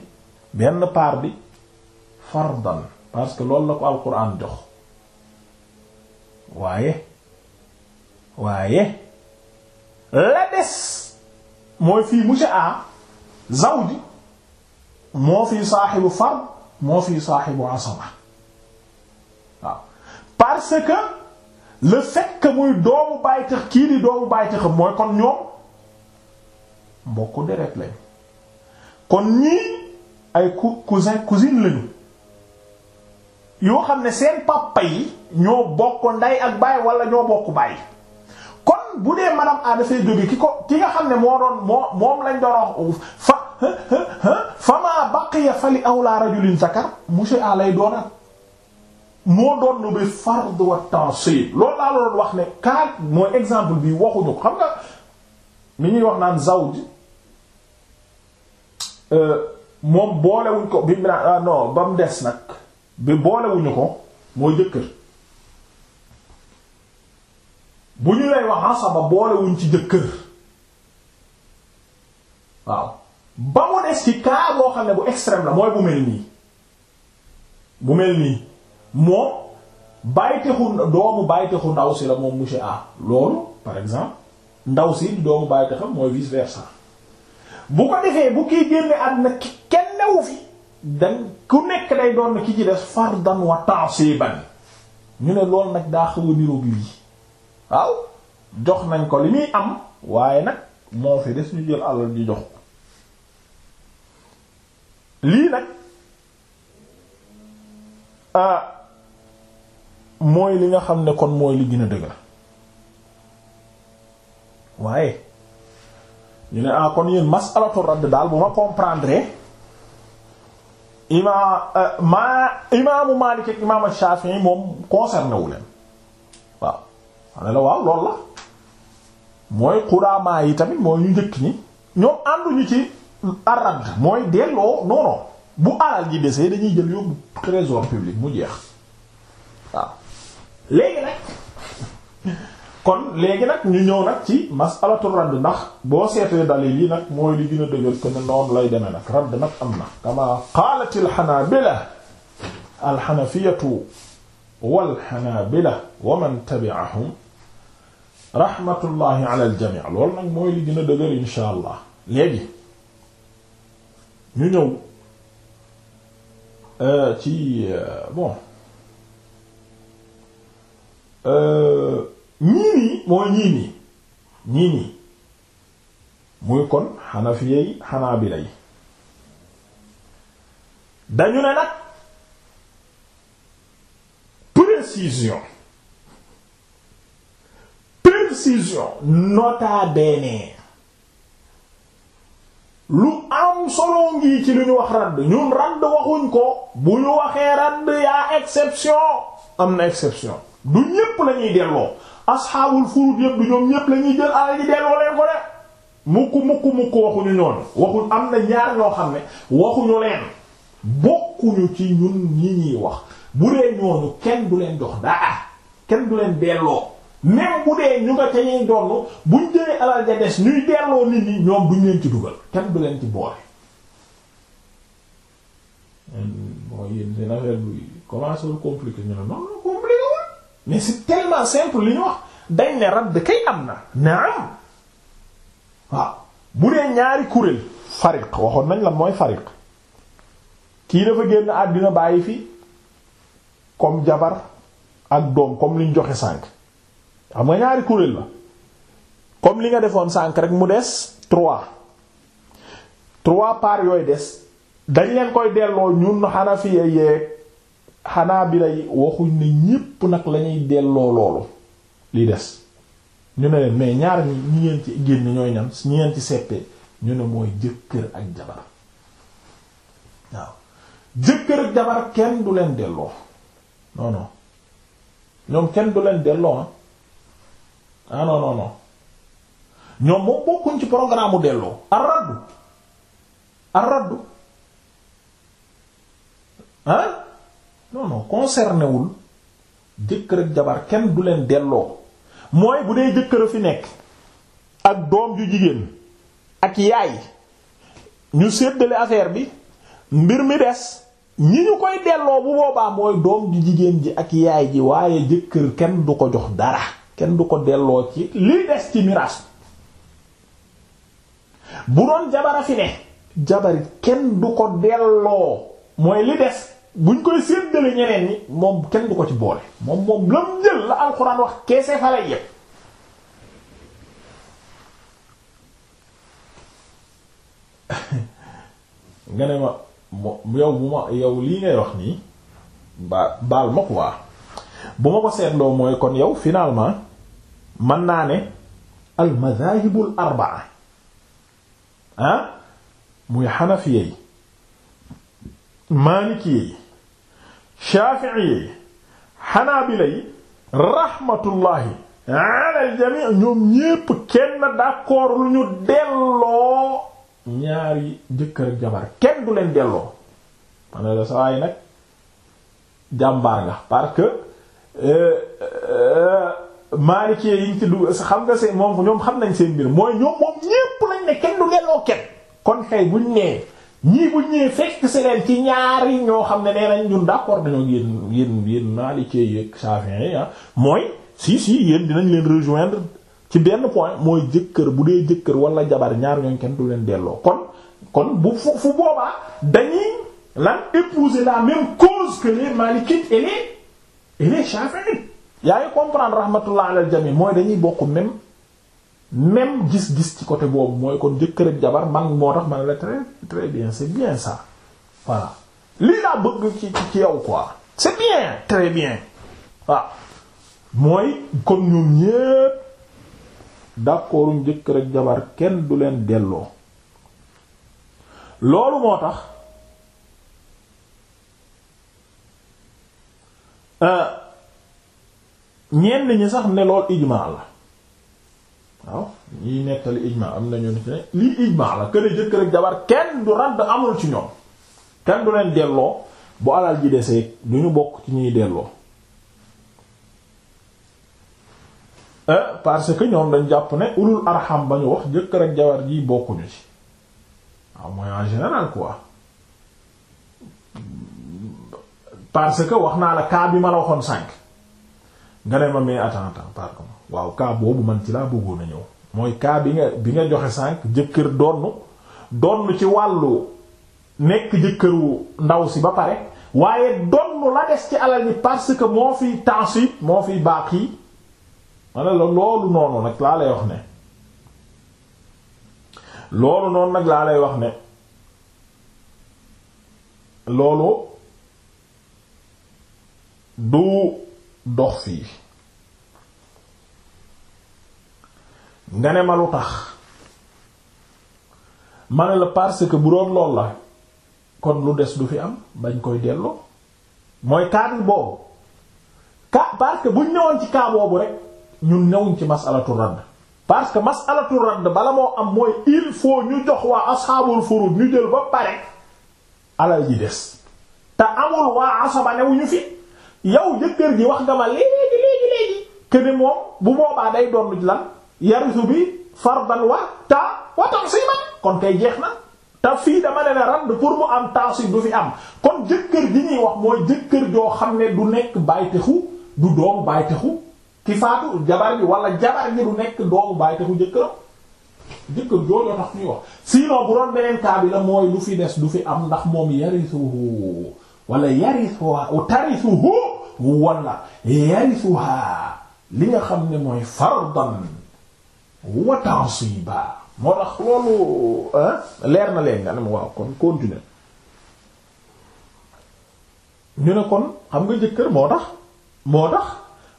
benn part bi fardan parce que loolu la ko alquran jox waaye waaye la des mooy fii monsieur a zawdi moo fii saaxibu fard moo fii saaxibu asaba waaw parce que le fait muy doomu bàytax kii di doomu bàytaxam mooy kon ñoom mbokku deret lañ kon ñii ay cousin cousine lañu yoo xam ne seen papa yi ñoo bokk nday ak baay wala ñoo bokk baay kon bu dee madame A dafay jóge ki ko ki nga xam ne moo doon moo moom lañ doon wax uh, fa fa ma baqiya fali awla rajulin zakar monsieur A lay doonaat moo doon nu bi fard wa tansib loolu laa doon wax ne kaat mooy exemple bi waxuñu ko xam nga mi ñuy wax naan zawj euh, moom boolewuñ ko bi ah, non ba mu des na bi boolewuñu ko moo jëkkër bu ñu lay wax asaba boolewuñ ci jëkkër waaw ba mu des ci cas boo xam ne bu extrême la mooy bu mel nii bu mel nii moom bàyyitexu doomu bàyyitexu ndaw si la moom monsieur A loolu par exemple ndaw si doomu bàyyitexam mooy vice versa bu ko defee bu kii génne àdduna kenn newu fi dañ ku nekk day doon ki ci des fardan wa ta'siban ñu ne lool nag daa xaw a niroog lii waaw jox nañ ko li muy am waaye nag moo fi des ñu jël alal di jox lii nag ah mooy li nga xam ne kon mooy li gën a dëgër waaye ñu ne ah kon yéen mas'alatu radd daal bu ma comprendre imaam euh, ma imaamu Maalik ak imaamu Shaafi'i moom concerné waaw ma ne la waaw loolu la mooy xudaamaa yi tamit mooy ñu njëkk ñi ñoom ànduñu ci arad mooy delloo non bu alal ji desee dañuy jël yóbbu trésor public mu jeex waaw léegi nag kon léegi nag ñu ñëw nag ci masalatul radd ndax boo seetee dalil yi nag mooy li a dëgër lay demee nag radd nag am na kama qaalat alxanabila alxanafiyatu walxanabila wa man tabi'ahum rahmatullahi ala aljami loolu nag mooy li gën a dëgër insha allah léegi ñu ñëw euh, ci euh, bon euh, ñii nii mooy ñii nii ñii nii muy kon xanafiya yi xanaabila yi dañu ne nag précision précision nota bene lu am solo ngi ci lu ñu wax radd ñun radd waxuñ ko bu ñu waxee radd yaa exception am na exception du ñépp lañuy delloo asxaabul furud yëpp du ñoom ñëpp la ñuy jël alal ji delloo leen ko de mukk mukk mukk waxuñu ñoon waxuñ am na ñaar ñoo xam ne waxuñu leen bokkuñu ci ñun ñi ñuy wax bu dee ñooñu kenn du leen dox daa kenn du leen delloo même bu dee ñu nga ca ñuy donn buñ jëlee alal ja des ñuy delloo nit ñi ñoom duñ leen ci dugal kenn du leen ci boole. mooy euh, yéen seen affaire bi commencé compliqué ñu ne non non compliqué. mais c'est tellement simple li ñu wax dañ ne radd kay am na naam waaw bu dee ñaari kuréel fariq waxoon nañ la mooy fariq kii dafa génn àddina bàyyi fi comme jabar ak doom comme luñ joxe sànq xam nga ñaari kuréel la comme li nga defoon sànq rek mu des trois trois parts yooyu des dañ leen koy delloo ñun Hanafi yeeg xanaa bi lay waxuñ ni ñépp nag lañuy delloo loolu li des ñu ne leen mais ñaar ñi ñi ngeen ci génne ñooy ñam ñi ngeen ci seppee ñu ne mooy jëkkër ak jabar waaw jëkkër ak jabar kenn du leen delloo non non ñoom kenn du leen delloo ah, ah non non ñoom moom bokkuñ ci programme mu delloo arraddu arraddu ah non non concerné wul jëkkër ak jabar kenn du leen delloo mooy bu dee jëkkër a fi nekk ak doom ju jigéen ak yaay ñu séddale affaire bi mbir mi des ñi ñu koy delloo bu boobaa mooy doom ju jigéen ji ak yaay ji waaye jëkkër kenn du ko jox dara kenn du ko delloo ci li des ci miraas bu doon jabara fi ne jabarit kenn du ko delloo mooy li des buñ koy séddale ñeneen ñi moom kenn du ko ci boole moom moom la mu jël la alxuraan wax keese fa lay yépp nga ne ma yow bu ma yow lii ngay wax nii ba baal ma quoi bu ma ko seetloo mooy kon yow finalement man naa ne al madahibul arbaa ah muy xanafiye yi maaliki yi Shaafi'i yi Hanaabila yi rahmatullahi ala al-jamii ñoom ñépp kenn d'accord lu ñu delloo ñaari jëkkër ak jabar kenn du leen delloo man la sawaay nag jàmbaar nga parce que euh, euh, yi ñu ci dugg xam nga seen moom xam nañ seen mbir mooy ñoom moom ñépp lañ ne kenn du delloo kenn kon xëy buñ nee ñii bu ñëwee fekk si ci ñaari ñoo xam ne nee nañ ñun d'accord dañoo yéen yéen yéen Maalikee yeeg Shafi'i yi ah mooy si si yéen dinañ leen rejoindre ci benn point mooy jëkkër bu dee jëkkër wala jabar ñaar ñooñ kenn du leen delloo kon kon bu fu fu boobaa dañuy lan épouser la même cause que les Malikites et les et les Shafi'i yaa ngi comprendre rahmatullah alal jami mooy dañuy bokk même même gis-gis ci côté boobu mooy kon jëkkër jabar man moo tax man la très très bien c'est bien ça voilà lii laa bëgg ci ci yow ko c'est bien très bien waaw mooy comme ñoom ñépp d'accorduñ jëkkër jabar kenn du leen delloo loolu moo tax euh, ñenn ñi sax ne lool ijmaa la waaw ñiy nettali ijma am nañu ne lii ijma la kër jëkkër ak jabar kenn du radd amul ci ñoom kenn du leen delloo bu alal ji desee du ñu bokk ci ñuy delloo euh, parce que ñoom dañ jàpp ne ulul arham ba ñu wax jëkkër ak jabar gi bokkuñu ci waaw ah, mooy en général quoi parce que wax naa la cas bi ma a waxoon cinq nga ne ma mais attends attends pardon waaw cas boobu man ci laa bëggoon a ñëw mooy cas bi nga bi nga joxe sànq jëkkër donn donn ci wàllu nekk jëkkëru ndaw si ba pare waaye donn la des ci alal yi parce que moo fiy tansib moo fiy baax yi ma ne la wax ne loolu noonu nag laa lay wax ne loolu du dox fii nga ne ma lu tax ma la parce que bu doon lool la kon lu des du fi am bañ koy delloo mooy cas boobu cas parce que buñ ñëwoon ci cas boobu rek ñun newuñ ci masalatu radd parce que masalatu radd bala moo am mooy il faut ñu jox waa asxaabul furud ñu jël ba pare alal ji des te amul waa asaba newuñu fi. yow jëkkër ji wax nga ma léegi léegi léegi kene moom bu boobaa day doon lan yarisu bi fardan wa ta wa tansiban kon kay jeex na te fii dama ne la pour mu am tansib du fi am kon jëkkër ji ñuy wax mooy jëkkër joo xam ne du nekk baytexu du doom baytexu ki faatu jabar ji wala jabar ji du nekk doomu baytexu jëkkëram jëkkër joojoo tax ñuy wax sinon bu doon beneen cas bi mooy lu fi des du fi am ndax moom yarisuhu wala yarisuhu tarisuhu wala yarisuha li nga xam ne mooy fardan wa tansiba moo tax loolu leer na leen nga ne ma waaw kon continuer ñu ne kon xam nga jëkkër moo tax moo tax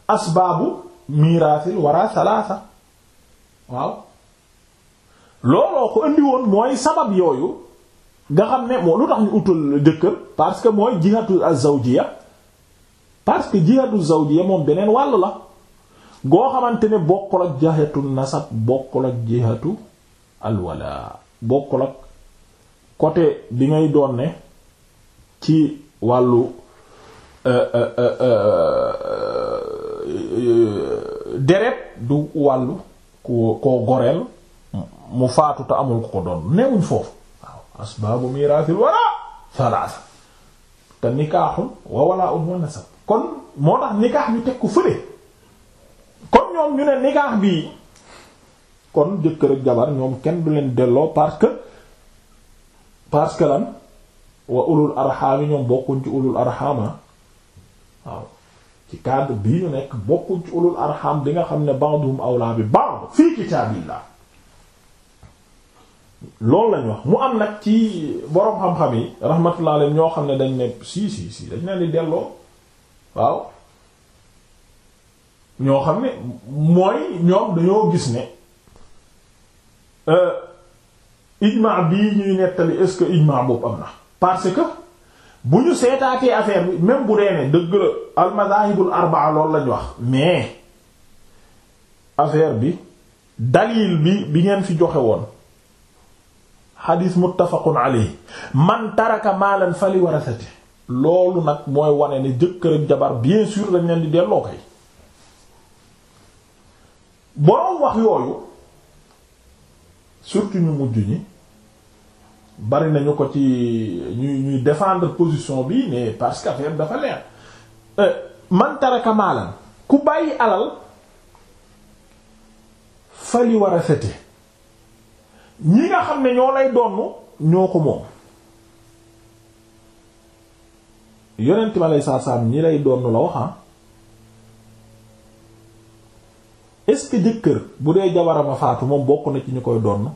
asbaabu miiraasil wara salaasa waaw looloo ko indi mooy sabab yooyu nga xam ne moo lu tax ñu utal jëkkër parce que mooy jihatu az-zawjiyya parce que jihaadu zawjiya moom beneen wàll la goo xamante ne bokkul ak jihatu nasab bokkul ak jihatu alwala bokkul ak côté bi ngay doon ne ci wàllu euh, euh, euh, deret du wàllu ku koo goreel mu faatu te amul ku ko doon newuñ foofu waaw asbaabu miraasil wara salaasa te nikaaxun wa walaa un wa nasab kon moo tax nikaax ñu teg ko fële kon ñoom ñu ne nikaax bii kon jëkkër ak jabar ñoom kenn du leen delloo parce que parce que lan wa ulul arxaam yi ñoom bokkuñ ci ulul arxaama ah. waaw ci cadre bii ñu nekk bokkuñ ci ulul arxaam bi nga xam ne ba'dhum awlaa bi ba'd fii kitaabillah loolu lañ wax mu am nag ci boroom xam-xam yi rahmatullah alayhi ñoo xam ne dañ ne si si si dañ ne di delloo waaw ñoo xam ne mooy ñoom dañoo gis ne euh, ijmaa bii ñuy nettali est-ce que ijmaa boobu am na parce que bu ñu seetaatee affaire bi même bu dee ne dëgg la al arbaa loolu lañ wax mais affaire bi dalil bi bi ngeen fi joxe woon xadiis muttafaqun alayhi man maalan fali warasati loolu nag mooy wane ne jëkkër ak jabar bien sûr lañ leen di delloo kay boroom wax yooyu surtout ñu mujj ñi bari nañu ko ci ñuy ñuy défendre position bi mais parce que affaire dafa leer euh, man taraka maalan ku bàyyi alal fali war a sete ñi nga xam ne ñoo lay donn ñoo ko moom yonenti ma lay saa ñi lay donn la wax ah. est-ce que jëkkër bu dee jabarama faatu moom bokk na ci ñu koy donn